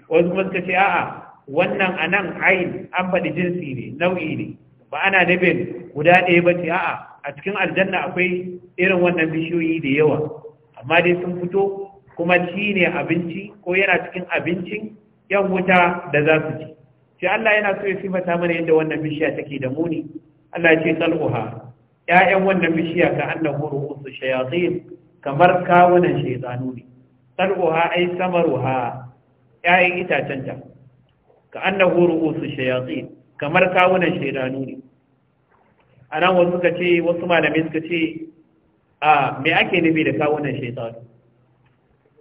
wasu kuma suka ce a'a wannan a nan ayin an faɗi jinsi ne nau'i ne ba ana nufin guda ɗaya ba ce a'a a cikin aljanna akwai irin wannan bishiyoyi da yawa amma dai sun fito kuma ci ne abinci ko yana cikin abincin yan wuta da za su ci sai Allah yana so ya sifata mana yadda wannan bishiya take da muni Allah ya ce talquha ya'yan wannan bishiya ka annahu ruhu shayatin kamar kawunan shaytanu ne sarguha ai samaruha ƴaƴan itacenta ka annahu ru'usu shayatin kamar kawunan shaidanu ne a nan wasu suka ce wasu malamai suka ce a me ake nufi da kawunan shaidanu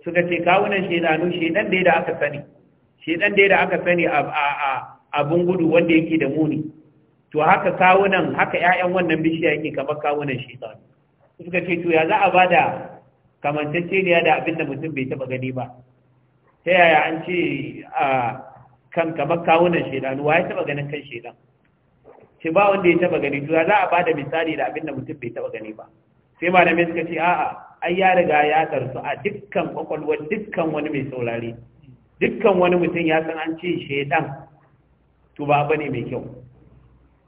suka ce kawunan shaidanu shaidan da aka sani shaidan da aka sani a abin gudu wanda yake da muni to haka kawunan haka ƴaƴan wannan bishiya yake kamar kawunan shaidanu suka ce to ya za a bada ne da abin da mutum bai taba gani ba ta yaya an ce a kan kamar kawunan shaidan wa ya taba ganin kan shaidan ce ba wanda ya taba gani to za a bada misali da abin da mutum bai taba gani ba sai mai suka ce a'a ai ya riga ya tarsu a dukkan kwakwalwar dukkan wani mai saurari, dukkan wani mutum ya san an ce shaidan to ba ne mai kyau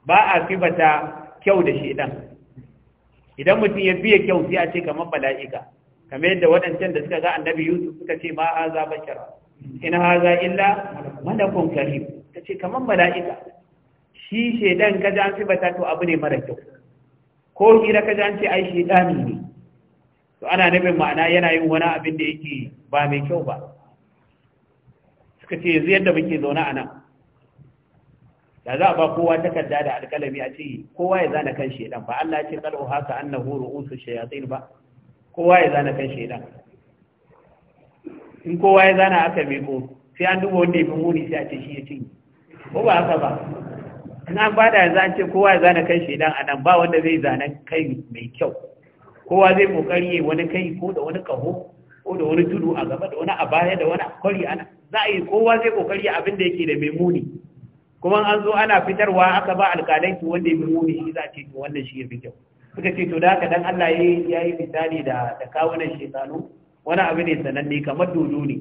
ba a fibata kyau da shaidan idan mutum ya biya kyau sai a ce kamar bala'ika kamar yadda waɗancan da suka ga annabi yusuf suka ce ma haza bashara in haza illa malakun karim ta ce kamar mala'ika shi shedan ka ji an fi bata to abu ne mara kyau ko hira ka ji an ce ai shedani ne to ana nufin ma'ana yana yin wani abin da yake ba mai kyau ba suka ce yanzu yadda muke zaune a nan da za a ba kowa takarda da alkalami a ce kowa ya zana kan shedan ba Allah ya ce qal'u haka annahu ru'usu shayatin ba kowa ya zana kan shaidan in kowa ya zana aka miko sai an duba wanda ya fi muni sai a ce shi ya cinye ko ba haka ba in an bada yanzu an ce kowa ya zana kan shaidan a nan ba wanda zai zana kai mai kyau kowa zai kokari ya wani kai ko da wani kaho ko da wani tudu a gaba da wani a baya da wani kwari ana za a yi kowa zai kokari abin da yake da mai muni kuma an zo ana fitarwa aka ba alƙalai wanda ya fi muni shi za a ce wannan shi ya fi kyau suka ce to da haka dan Allah ya yi misali da da kawunan shekaru wani abu ne sananne kamar dodo ne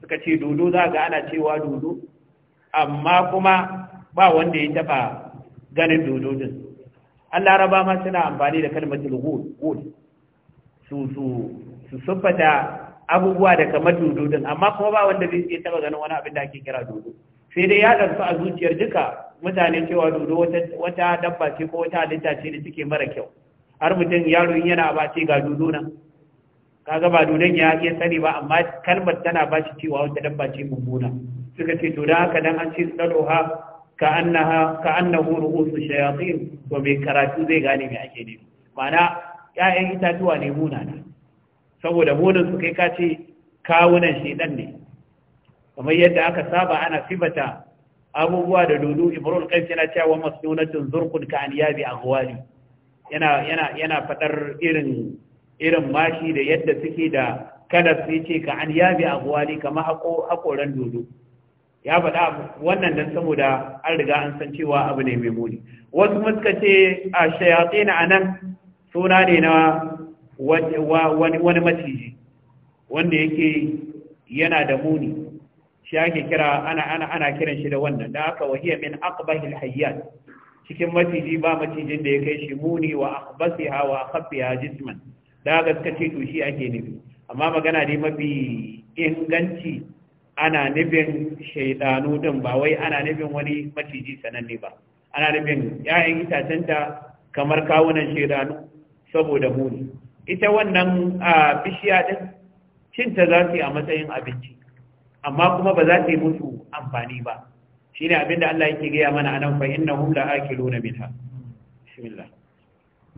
suka ce dodo za ga ana cewa dodo amma kuma ba wanda ya taba ganin dodo din Allah raba ma suna amfani da kalmatul ghul su su su siffata abubuwa da kamar dodo din amma kuma ba wanda zai iya taba ganin wani abin da ake kira dodo sai dai ya ɗarsu a zuciyar duka mutane cewa dodo wata dabba ce ko wata halitta ce da take mara kyau har mutum yaro in yana ba ga dudu nan kaga ba dudun ya iya sani ba amma kalmar tana ba shi cewa wata dabba ce mummuna suka ce to dan haka dan an ce tsaloha ka annaha ka annahu ru'usu shayatin to mai karatu zai gane me ake nufi ma'ana ƴaƴan itatuwa ne saboda munin su kai ka ce kawunan shedan ne kamar yadda aka saba ana sifata abubuwa da dudu, ibrul qayyim yana cewa masnunatun zurqun ka an yabi aghwali yana faɗar irin irin mashi da yadda suke da kada su ce ka an yabi abuwali kamar hakoran dodo ya faɗa wannan dan saboda an riga an san cewa abu ne mai muni wasu muska ce a shayatsi na anan suna ne na wani maciji wanda yake yana da muni shi ake kira ana kiran shi da wannan da aka wahiya min aqbahil hayyan cikin maciji ba macijin da ya kai shi muni wa ha wa akhfiha jisman da gaskace to shi ake nufi amma magana dai mafi inganci ana nufin shaidanu din ba wai ana nufin wani maciji sananne ba ana nufin ‘ya'yan itacen ta kamar kawunan shaidanu saboda muni ita wannan bishiya ɗin cinta za su yi a matsayin abinci amma kuma ba za su yi musu amfani ba shine abinda Allah yake gaya mana anan fa innahum la akiluna minha bismillah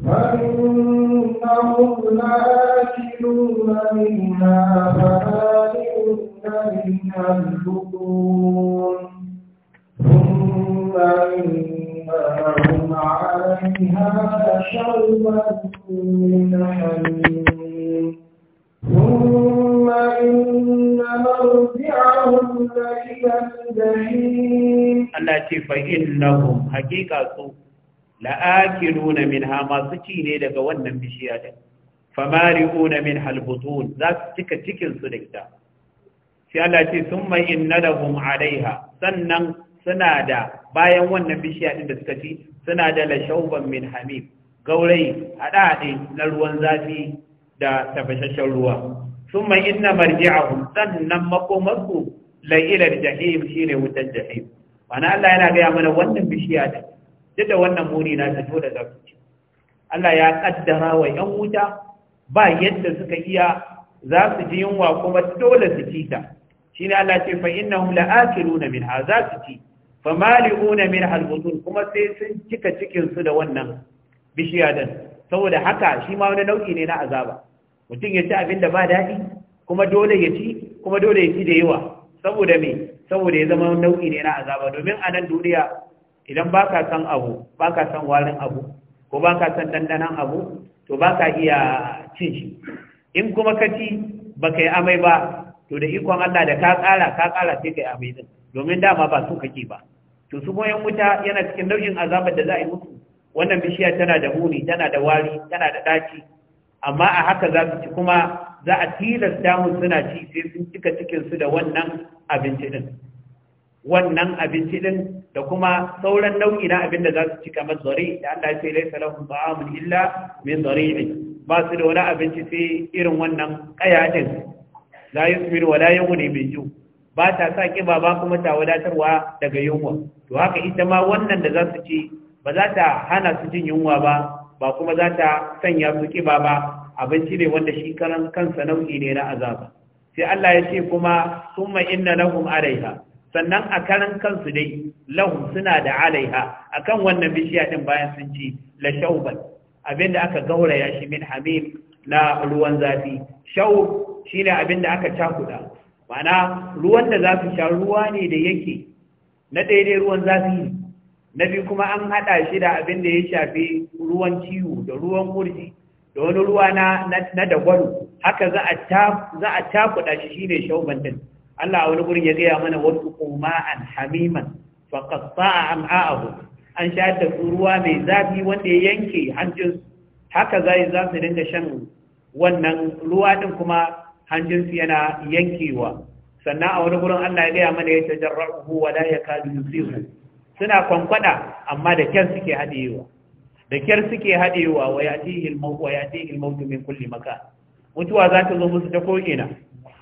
فإنهم لآكلون منها فآكلون منها البطون ثم إنهم عليها لشربا من حميم lahum la'iban jahim Allah ce fa innahum haqiqa su la'akiluna minha masu ci ne daga wannan bishiya din famari'una min halbutun za su cika cikin su da ita sai Allah ce summa inna lahum alaiha sannan suna da bayan wannan bishiya din da suka ci suna da lashauban min hamim gaurayi haɗe-haɗe na ruwan zafi da tafashashen ruwa sun mai inna marji'ahum sannan makomarku la'ilar jahim shine wutar jahim mana Allah yana gaya mana wannan bishiya da duk da wannan muni na ta da da Allah ya kaddara wa yan wuta ba yadda suka iya za su ji yunwa kuma dole su ci ta shine Allah ce fa innahum la'akiluna minha za su ci fa mali'una min halbutun kuma sai sun cika cikin su da wannan bishiya din saboda haka shi ma wani nau'i ne na azaba mutum ya ci abin da ba daɗi kuma dole ya ci kuma dole ya ci da yawa saboda me saboda ya zama nau'i ne na azaba domin a nan duniya idan ba ka san abu ba ka san warin abu ko ba ka san dandanan abu to ba ka iya cin shi in kuma ka ci ba ka yi amai ba to da ikon Allah da ka kara ka kara sai ka yi amai din domin dama ba su kake ba to su goyon wuta yana cikin nau'in azabar da za a yi musu wannan bishiya tana da muni tana da wari tana da daci amma a haka za su ci kuma za a tilasta mu suna ci sai sun cika cikinsu da wannan abinci din wannan abinci din da kuma sauran nau'i na abin da za su cika kamar da Allah ya ce laisa lahum ta'amun illa min zari'in ba su da wani abinci sai irin wannan kaya din la yusmiru wa la yughni min ju ba ta sa kiba ba kuma ta wadatarwa daga yunwa to haka ita ma wannan da za su ci ba za ta hana su jin yunwa ba ba kuma za ta sanya su kiba ba abinci ne wanda shi karan kansa nau'i ne na azaba sai Allah ya ce kuma summa inna lahum alaiha sannan a karan kansu dai lahum suna da alaiha akan wannan bishiya din bayan sun ci la shauban abinda aka gauraya shi min hamim na ruwan zafi shaub shine abinda aka cakuda ma'ana ruwan da zafi sha ruwa ne da yake na daidai ruwan zafi ne na biyu kuma an haɗa shi da abin da ya shafi ruwan ciwo da ruwan kurji da wani ruwa na na dagwalo haka za a ta za shi shine shauban din Allah wani gurin ya gaya mana wasu a hamiman fa qatta'a am'a'ahu an shayar da ruwa mai zafi wanda ya yanke hanjin haka zai za su dinga shan wannan ruwa din kuma hanjin yana yankewa sannan a wani gurin Allah ya gaya mana ya tajarrahu wa la yakadu yusihu suna kwankwada amma da kyan suke hadiyewa da kyar suke haɗewa wa yatihil maut wa min kulli maka? mutuwa za ta zo musu ta ko'ina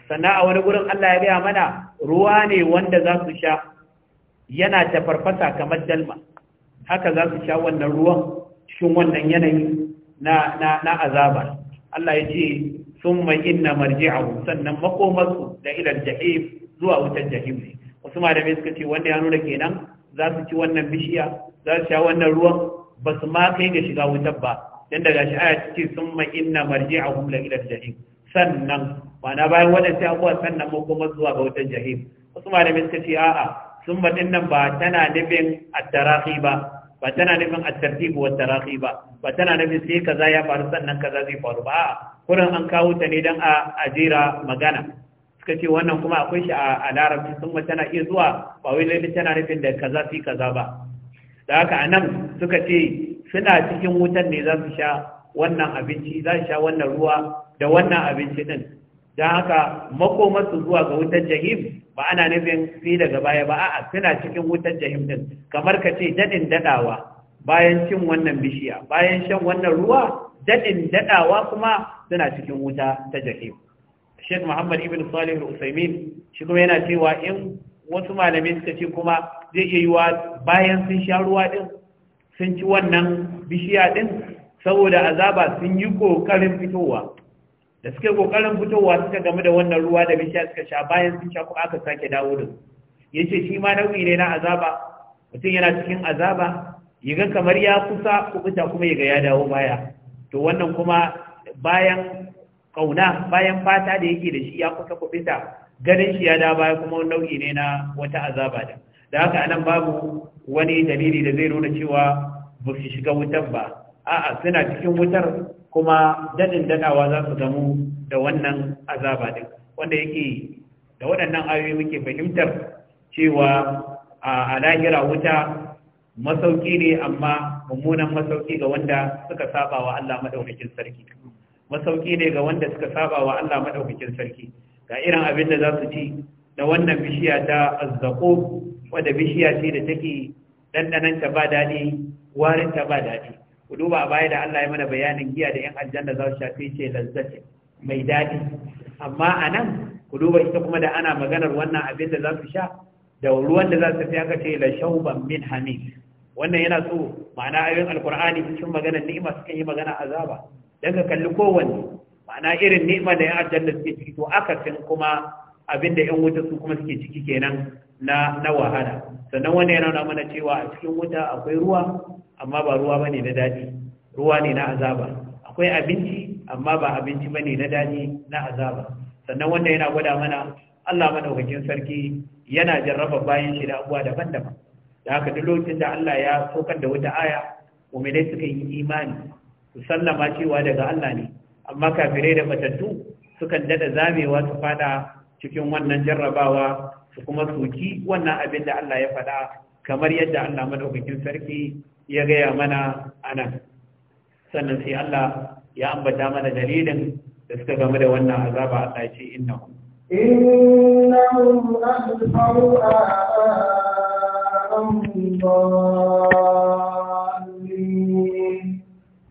sannan a wani gurin Allah ya gaya mana ruwa ne wanda za su sha yana ta farfasa kamar dalma haka za su sha wannan ruwan cikin wannan yanayi na azaba Allah ya ce sun mai inna marji'ahu sannan makomarsu da ilar jahim zuwa wutar jahim ne wasu malamai suka ce wanda ya nuna kenan za su ci wannan bishiya za su sha wannan ruwan ba su ma kai ga shiga wutar ba dan daga shi aya ce sun ma inna marji'ahum la ila jahim sannan ma'ana bayan sai abubuwa sannan mu kuma zuwa ga wutar jahim wasu malamin suka ce a'a sun ma nan ba tana nufin at ba ba tana nufin at-tartib wa tarahi ba ba tana nufin sai kaza ya faru sannan kaza zai faru ba a'a kurin an kawo ta ne dan a ajira magana suka ce wannan kuma akwai shi a larabci sun ma tana iya zuwa ba wai lalle tana nufin da kaza fi kaza ba da haka anan suka ce suna cikin wutan ne za su sha wannan abinci za su sha wannan ruwa da wannan abinci din don haka makomarsu zuwa ga wutar jahim ba ana nufin fi daga baya ba a'a suna cikin wutar jahim din kamar ka ce dadin dadawa bayan cin wannan bishiya bayan shan wannan ruwa daɗin daɗawa kuma suna cikin wuta ta jahim Sheikh Muhammad ibn Salih al-Usaimin shi kuma yana cewa in wasu malamai suka ce kuma zai iya yiwa bayan sun sha ruwa din sun ci wannan bishiya din saboda azaba sun yi kokarin fitowa da suke kokarin fitowa suka game da wannan ruwa da bishiya suka sha bayan sun sha kuma aka sake dawo da su ce shi ma nau'i ne na azaba mutum yana cikin azaba yaga kamar ya kusa kubuta kuma yaga ya dawo baya to wannan kuma bayan kauna bayan fata da yake da shi ya kusa kubuta ganin shi ya da baya kuma wani nau'i ne na wata azaba da da haka anan babu wani dalili da zai nuna cewa ba su shiga wutar ba a'a suna cikin wutar kuma dadin dadawa za su gamu da wannan azaba din wanda yake da waɗannan ayoyi muke fahimtar cewa a lahira wuta masauki ne amma mummunan masauki ga wanda suka saba wa Allah madaukakin sarki masauki ne ga wanda suka saba wa Allah madaukakin sarki ga irin abin da za su ci da wannan bishiya ta azzako wadda bishiya ce da take ta ba daɗi warinta ba daɗi ku duba a baya da Allah ya mana bayanin giya da 'yan aljanna za su shafi ce lazzace mai daɗi amma a nan ku duba ita kuma da ana maganar wannan abin da za su sha da ruwan da za su fiya kace la shauban min hamid wannan yana so ma'ana ayoyin alkur'ani cikin maganar ni'ima sukan yi magana azaba dan ka kalli kowanne ma'ana irin ni'ima da 'yan aljanna suke ciki to akasin kuma abin da 'yan wuta su kuma suke ciki kenan na na wahala sannan wani yana nuna mana cewa a cikin wuta akwai ruwa amma ba ruwa bane na daɗi ruwa ne na azaba akwai abinci amma ba abinci bane na daɗi na azaba sannan wanda yana gwada mana Allah madaukakin sarki yana jarraba bayan shi da abuwa daban-daban da haka duk lokacin da Allah ya saukar da wata aya mu'minai suka yi imani su sallama cewa daga Allah ne amma kafirai da matattu sukan dada zamewa su fada cikin wannan jarrabawa su kuma soki wannan abin da Allah ya faɗa kamar yadda Allah madaukakin sarki ya gaya mana anan sannan sai Allah ya ambata mana dalilin da suka game da wannan azaba Allah ya ce innahum innahum ahdaru آباءهم ضالين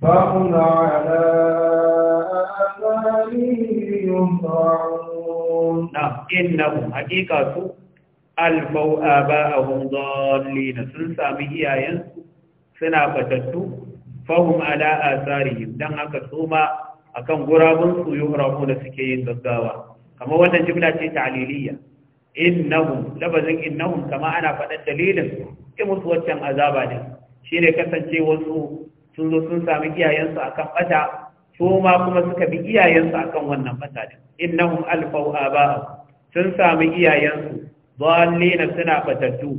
فهم على Al-mau’aba’ahun zalli na sun sami iyayensu suna fatattu, fahim ala’a tsarihim don haka su ma a kan yi ramu da suke yin gaggawa, kama wannan jimla ce ta’aliliya, innahun, labazin innahun, kama ana faɗar dalilin ke musu waccan azaba ne, shi ne sun zo sun sami iyayensu a kan ɓata su ma kuma suka bi iyayensu akan wannan fasadin innahum alfau aba'ahum sun sami iyayensu dallina suna fatattu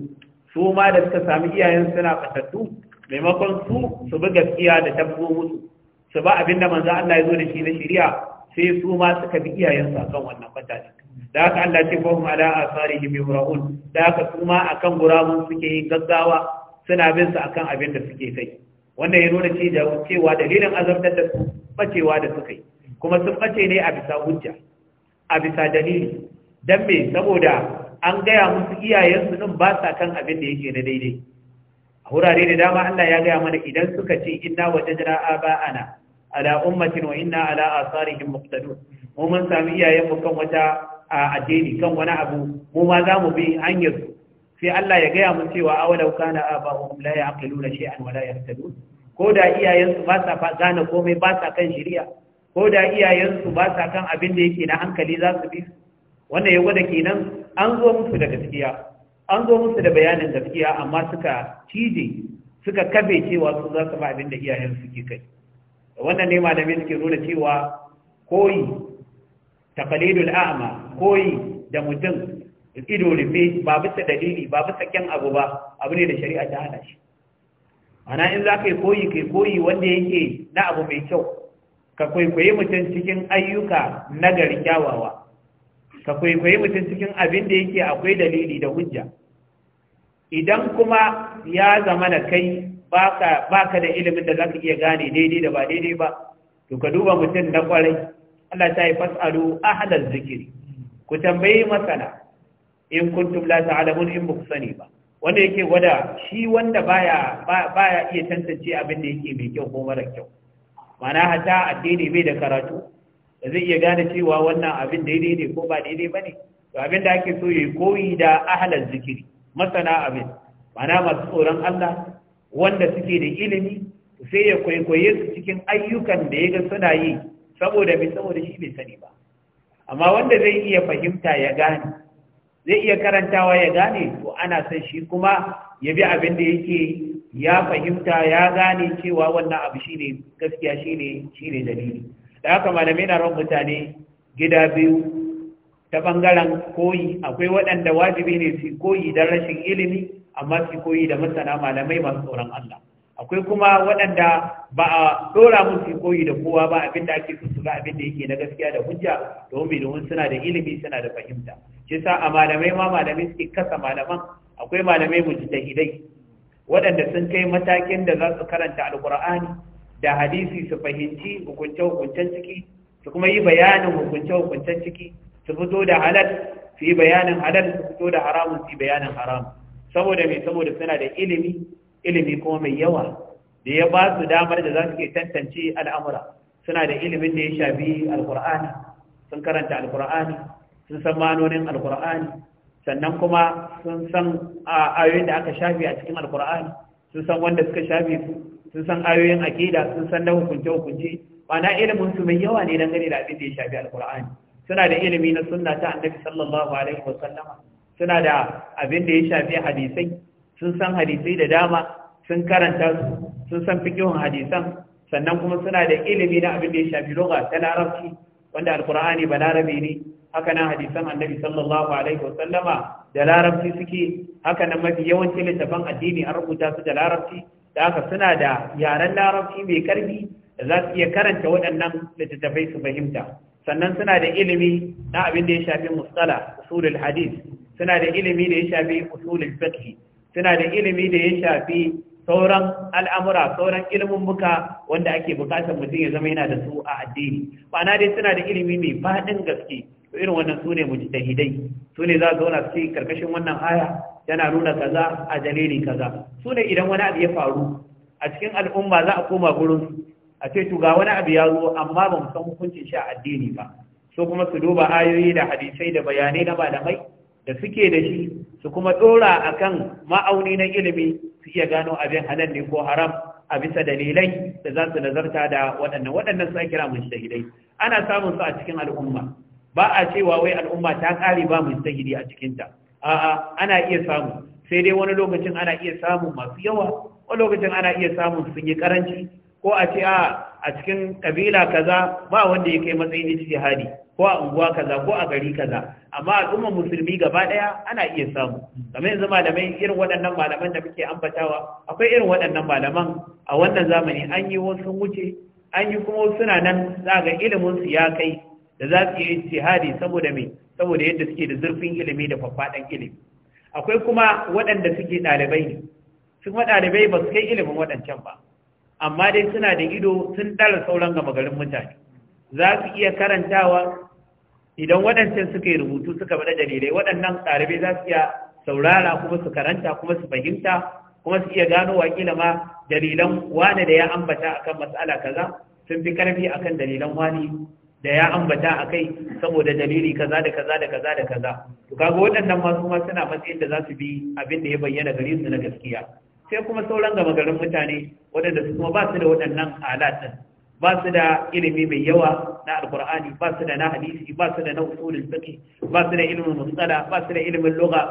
su ma da suka sami iyayensu suna fatattu maimakon su su bi gaskiya da tabbo musu su ba abinda manzo Allah ya zo da shi na shari'a sai su ma suka bi iyayensu akan wannan fasadin da haka Allah ce fa hum ala asarihim yura'un da haka su ma akan gurabun suke yin gaggawa suna bin su akan abin da suke kai wannan ya nuna cewa dalilin azabtar da su bacewa da suka yi kuma sun bace ne a bisa hujja a bisa dalili dan me saboda an gaya musu iyayensu nan ba sa kan abin da yake na daidai a wurare da dama Allah ya gaya mana idan suka ce inna wajadna aba'ana ala ummatin wa inna ala asarihim muqtadun mu mun sami iyayenmu kan wata addini kan wani abu mu ma za mu bi hanyar sai Allah ya gaya mu cewa awalau kana aba'uhum la ya'qiluna shay'an wa la yahtadun ko da iyayensu ba sa gane komai ba sa kan shirya ko da iyayensu ba sa kan abin da yake na hankali za su bi su wannan ya gwada kenan an zo musu da gaskiya an zo musu da bayanin gaskiya amma suka cije suka kabe cewa su za su ba abin da iyayensu ke kai wannan ne malamai suke nuna cewa koyi taqalidul a'ma koyi da mutum ido rufe ba bisa dalili ba bisa kyan abu ba abu ne da shari'a ta hana shi ana in za ka yi koyi kai koyi wanda yake na abu mai kyau ka kwaikwayi mutum cikin ayyuka na gari kyawawa ka kwaikwayi mutum cikin abin da yake akwai dalili da hujja idan kuma ya zama da kai ba ka da ilimin da za ka iya gane daidai da ba daidai ba to ka duba mutum na kwarai Allah ta yi fasalu ahlal zikiri ku tambayi masana in kuntum la ta'lamun in ba ku sani ba wanda yake gwada shi wanda baya baya iya tantance abin da yake mai kyau ko mara kyau mana hata addini bai da karatu da zai iya gane cewa wannan abin daidai ne ko ba daidai bane to abin da ake so yi koyi da ahlan zikiri masana abin mana masu tsoron Allah wanda suke da ilimi sai ya kwaikwaye su cikin ayyukan da ya ga suna yi saboda bai saboda shi bai sani ba amma wanda zai iya fahimta ya gane zai iya karantawa ya gane to ana son shi kuma ya bi abin da yake ya fahimta ya gane cewa wannan abu shine gaskiya shine ne dalili da haka malamai na ran mutane gida biyu ta bangaren koyi akwai waɗanda wajibi ne su koyi don rashin ilimi amma su koyi da masana malamai masu tsoron Allah akwai kuma waɗanda ba a ɗora musu koyi da kowa ba abin da ake so su abin da yake na gaskiya da hujja domin domin suna da ilimi suna da fahimta shi a malamai ma malamai suke kasa malaman akwai malamai mu mujtahidai waɗanda sun kai matakin da za su karanta alqur'ani da hadisi su fahimci hukunce hukuncen ciki su kuma yi bayanin hukunce hukuncen ciki su fito da halal su yi bayanin halal su fito da haramun su yi bayanin haram saboda mai saboda suna da ilimi ilimi kuma mai yawa da ya ba su damar da za su ke tantance al'amura suna da ilimin da ya shafi alkur'ani sun karanta alkur'ani sun san manonin alkur'ani sannan kuma sun san ayoyin da aka shafi a cikin alkur'ani sun san wanda suka shafi su sun san ayoyin akida sun san na hukunce hukunce ma'ana ilimin su mai yawa ne dangane da abin da ya shafi alkur'ani suna da ilimi na sunna ta annabi sallallahu alaihi wa sallama suna da abin da ya shafi hadisai sun san hadisai da dama sun karanta su sun san fikihun hadisan sannan kuma suna da ilimi na abin da ya shafi lugha ta larabci wanda alkur'ani ba larabi ne haka nan hadisan annabi sallallahu alaihi wa sallama da larabci suke haka nan mafi yawancin littafan addini an rubuta su da larabci da haka suna da yaren larabci mai karfi da za su iya karanta waɗannan littattafai su fahimta sannan suna da ilimi na abin da ya shafi mustala usulul hadis suna da ilimi da ya shafi usulul fiqh suna da ilimi da ya shafi sauran al'amura sauran ilimin muka wanda ake bukatar mutum ya zama yana da su a addini ma'ana dai suna da ilimi mai faɗin gaske irin wannan su ne mujtahidai su ne za su zauna su karkashin wannan haya? yana nuna kaza a dalili kaza su ne idan wani abu ya faru a cikin al'umma za a koma gurin a ce to ga wani abu ya zo amma ba mu san hukuncin shi a addini ba so kuma su duba ayoyi da hadisai da bayanai na malamai da suke da shi su kuma tsora a kan ma'auni na ilimi su iya gano abin halal ne ko haram a bisa dalilai da za su nazarta da waɗannan waɗannan su kira mun shahidai ana samun su a cikin al'umma ba a cewa wai al'umma ta ƙare ba shahidi a cikinta a'a ana iya samu sai dai wani lokacin ana iya samun masu yawa wani lokacin ana iya samun sun yi karanci ko a ce a cikin kabila kaza ba wanda ya kai matsayin jihadi ko a unguwa kaza ko a gari kaza amma al'ummar musulmi gaba ɗaya ana iya samu kamar yanzu malamai irin waɗannan malaman da muke ambatawa akwai irin waɗannan malaman a wannan zamani an yi wasu wuce an yi kuma suna nan za ga ilimin su ya kai da za su yi jihadi saboda me saboda yadda suke da zurfin ilimi da faffaɗan ilimi akwai kuma waɗanda suke ɗalibai ne su kuma ɗalibai ba su kai ilimin waɗancan ba amma dai suna da ido sun ɗara sauran gama garin mutane za su iya karantawa idan waɗancan suka yi rubutu suka bada dalilai waɗannan ɗalibai za su iya saurara kuma su karanta kuma su fahimta kuma su iya gano wakila ma dalilan wani da ya ambata akan matsala kaza sun fi karfi akan dalilan wani da ya ambata a kai saboda dalili kaza da kaza da kaza da kaza to kaga waɗannan masu ma suna matsayin da za su bi abin da ya bayyana gare su na gaskiya sai kuma sauran gama garin mutane waɗanda su kuma ba su da waɗannan alat ba su da ilimi mai yawa na alkur'ani ba su da na hadisi ba su da na usulul fiqh ba su da ilimin mutsala ba su da ilimin lugha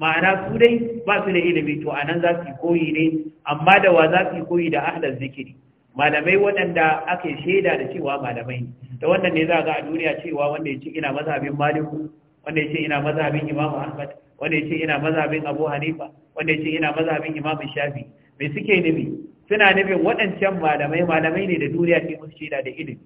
ma'ana su dai ba su da ilimi to anan za su yi koyi ne amma da wa za su yi koyi da ahlul zikiri malamai waɗanda ake shaida da cewa malamai ne da wannan ne za ga a duniya cewa wanda ya ce ina mazhabin maliku wanda ya ce ina mazhabin Imam ahmad wanda ya ce ina mazhabin abu hanifa wanda ya ce ina mazhabin Imam shafi me suke nufi suna nufin waɗancan malamai malamai ne da duniya ke musu shaida da ilimi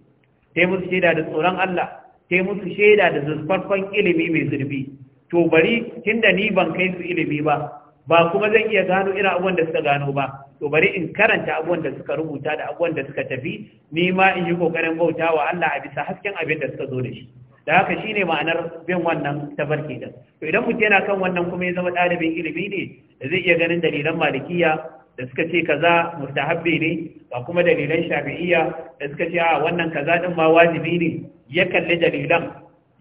ke musu shaida da tsoron Allah ke musu shaida da zurfaffen ilimi mai zurfi to bari tunda ni ban kai su ilimi ba ba kuma zan iya gano irin abubuwan da suka gano ba to bari in karanta abubuwan da suka rubuta da abubuwan da suka tafi ni ma in yi kokarin bauta wa Allah a bisa hasken abin da suka zo da shi da haka shine ma'anar bin wannan tafarki da to idan mutum yana kan wannan kuma ya zama ɗalibin ilimi ne da zai iya ganin dalilan malikiya da suka ce kaza mustahabbi ne ba kuma dalilan shafi'iyya da suka ce a wannan kaza din ma wajibi ne ya kalli dalilan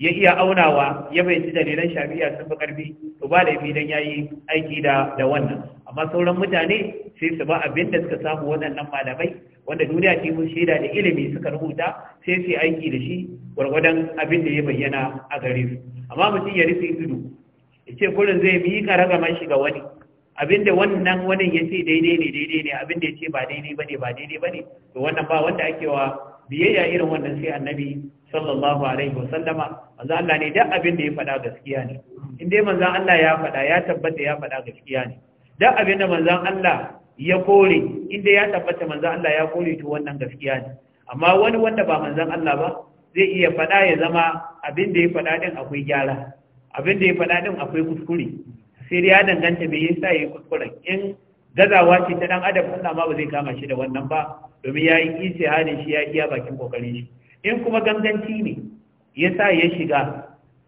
ya iya aunawa ya bayyanci dalilan shafi'iyya sun fi karfi to ba da dan yayi aiki da da wannan amma sauran mutane sai su ba abin da suka samu waɗannan malamai wanda duniya ce mun shaida da ilimi suka rubuta sai su aiki da shi gwargwadon abin da ya bayyana a gare su amma mutum ya rufe ido ya ce gurin zai miƙa ragaman shi ga wani abinda wannan wani ya ce daidai ne daidai ne abinda ya ce ba daidai ba ne ba daidai ba ne to wannan ba wanda ake wa biyayya irin wannan sai annabi sallallahu alaihi wasallama manzo Allah ne duk abinda ya faɗa gaskiya ne in dai manzo Allah ya faɗa ya tabbata ya faɗa gaskiya ne duk abinda manzo Allah ya kore in dai ya tabbata manzo Allah ya kore to wannan gaskiya ne amma wani wanda ba manzo Allah ba zai iya faɗa ya zama abinda ya faɗa din akwai gyara abinda ya faɗa din akwai kuskure sai ya danganta me yasa yi kuskuren in gazawa ce ta dan adam Allah ma ba zai kama shi da wannan ba domin ya yi istihadin shi ya iya bakin kokarin shi in kuma ganganci ne yasa ya shiga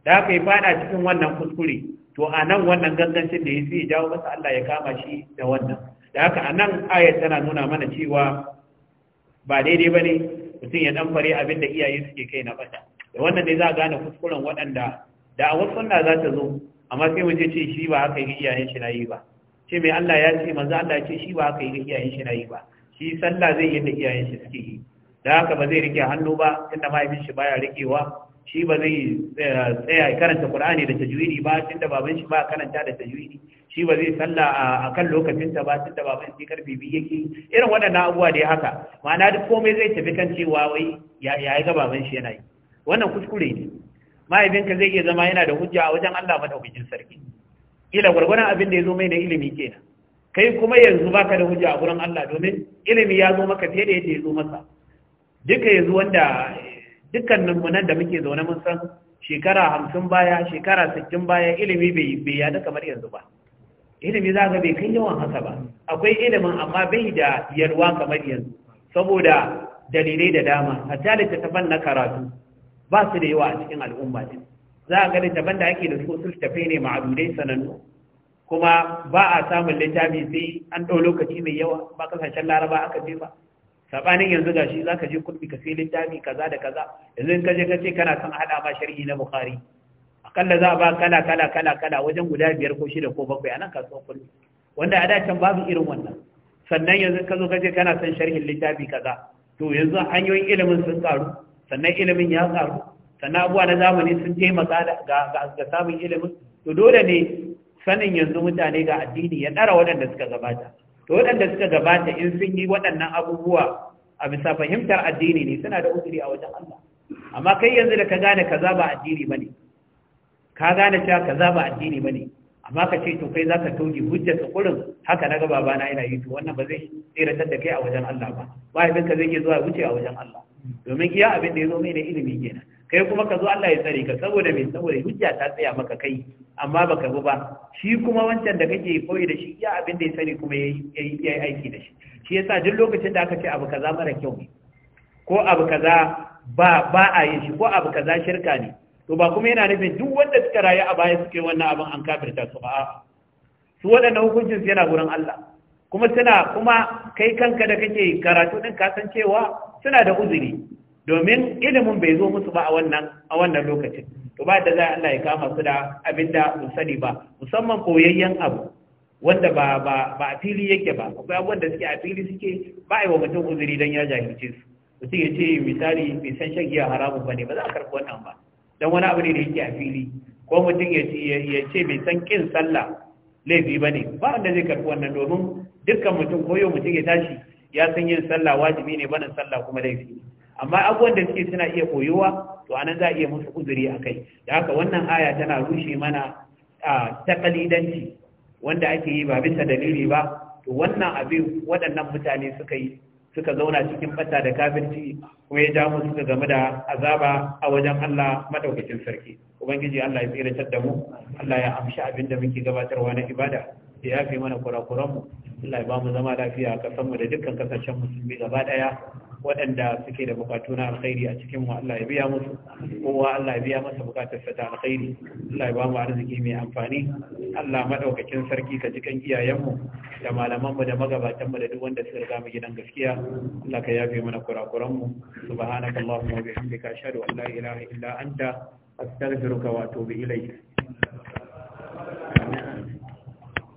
da aka yi fada cikin wannan kuskure to a nan wannan gangancin da ya sai jawo masa Allah ya kama shi da wannan da haka a nan ayar tana nuna mana cewa ba daidai ba ne mutum ya fare abin da iyaye suke kai na fata? da wannan ne za a gane kuskuren waɗanda da a wasu sunna za ta zo amma sai mu ce shi ba haka yi iyayen shi na yi ba ce mai Allah ya ce manzo Allah ya ce shi ba haka yi iyayen shi na yi ba shi sallah zai yi da iyayen shi suke yi da haka ba zai rike hannu ba tunda mahaifin shi baya rikewa shi ba zai eh, tsaya karanta Qur'ani da tajwidi ba tunda baban shi ba karanta da tajwidi shi ba zai salla a kan lokacin ta ba tunda baban shi karfe biyu yake irin waɗannan abubuwa da haka ma'ana duk komai zai tafi kan cewa wai ya yi ga baban shi yana yi wannan kuskure ne mahaifinka zai iya zama yana da hujja a wajen Allah madaukakin sarki ila gurgurun abin da ya zo mai na ilimi kenan kai kuma yanzu baka da hujja a gurin Allah domin ilimi ya zo maka fiye da yadda ya zo masa duka yanzu wanda dukkanin mu nan da muke zaune mun san shekara hamsin baya shekara sittin baya ilimi bai yada kamar yanzu ba ilimi za ka bai kai yawan haka ba akwai ilimin amma bai da yarwa kamar yanzu saboda dalilai da dama hatta littattafan na karatu ba su da yawa a cikin al'umma din za a ga littafin da ake da su su tafi ne ma'adudai sanannu kuma ba a samun littafi sai an ɗau lokaci mai yawa ba kasashen laraba aka je ba saɓanin yanzu gashi za ka je kurbi ka sai littafi kaza da kaza yanzu ka je ka ce kana son haɗa ma sharhi na bukhari akalla za a ba kala kala kala kala wajen guda biyar ko shida ko bakwai a nan kasuwar kurbi wanda a dacen babu irin wannan sannan yanzu ka zo ka je kana son sharhin littafi kaza to yanzu hanyoyin ilimin sun karu sannan ilimin ya karu sannan abuwa na zamani sun taimaka ga samun ilimin to dole ne sanin yanzu mutane ga addini ya ɗara waɗanda suka gabata to waɗanda suka gabata in sun yi waɗannan abubuwa a bisa fahimtar addini ne suna da usuri a wajen Allah amma kai yanzu da ka gane kaza ba addini ka gane cewa kaza ba addini bane amma ka ce to kai za ka toge hujjar ka kurin haka na gaba bana yana yi to wannan ba zai tsiratar da kai a wajen Allah ba ba ka zai ke zuwa wuce a wajen Allah domin iya abin da ya zo mai na ilimi kenan kai kuma ka zo Allah ya tsare ka saboda mai saboda hujja ta tsaya maka kai amma baka bi ba shi kuma wancan da kake koyi da shi iya abin da ya sani kuma yayi yayi aiki da shi shi yasa duk lokacin da aka ce abu kaza mara kyau ko abu kaza ba ba a yin shi ko abu kaza shirka ne to ba kuma yana nufin duk wanda suka rayu a baya suka yi wannan abin an kafirta su ba su waɗannan hukuncin yana gurin Allah kuma suna kuma kai kanka da kake karatu din ka san cewa suna da uzuri domin ilimin bai zo musu ba a wannan a wannan lokacin to ba da za Allah ya kama su da abinda su sani ba musamman koyayyen abu wanda ba ba ba a fili yake ba akwai abubuwan da suke a fili suke ba a yi wa mutum uzuri don ya jahilce su mutum ya ce misali bai san shan giya haramun ba ne ba za a karɓi wannan ba don wani abu ne da yake a fili ko mutum ya ce bai san kin sallah laifi ba ne ba wanda zai karɓi wannan domin dukkan mutum ko yau mutum ya tashi ya san yin sallah wajibi ne banin sallah kuma laifi amma abubuwan da suke suna iya koyowa to anan za a iya musu uzuri a kai da haka wannan aya tana rushe mana a takalidanci wanda ake yi ba bisa dalili ba to wannan abin waɗannan mutane suka yi suka zauna cikin bata da kafirci kuma ya ja musu suka game da azaba a wajen Allah madaukakin sarki ubangiji Allah ya tsiratar da mu Allah ya amshi abin da muke gabatarwa na ibada da ya fi mana kurakuranmu Allah ya ba mu zama lafiya a kasanmu da dukkan kasashen musulmi gaba ɗaya waɗanda suke da bukatu na alkhairi a cikin mu Allah ya biya musu kowa Allah ya biya masa bukatar sa ta alkhairi Allah ya ba mu arziki mai amfani Allah madaukakin sarki ka jikan iyayenmu da malaman mu da magabatan mu da duk wanda suka riga mu gidan gaskiya Allah ka yafe mana kurakuran mu subhanakallahumma wa bihamdika ashhadu an la ilaha illa anta astaghfiruka wa atubu ilayk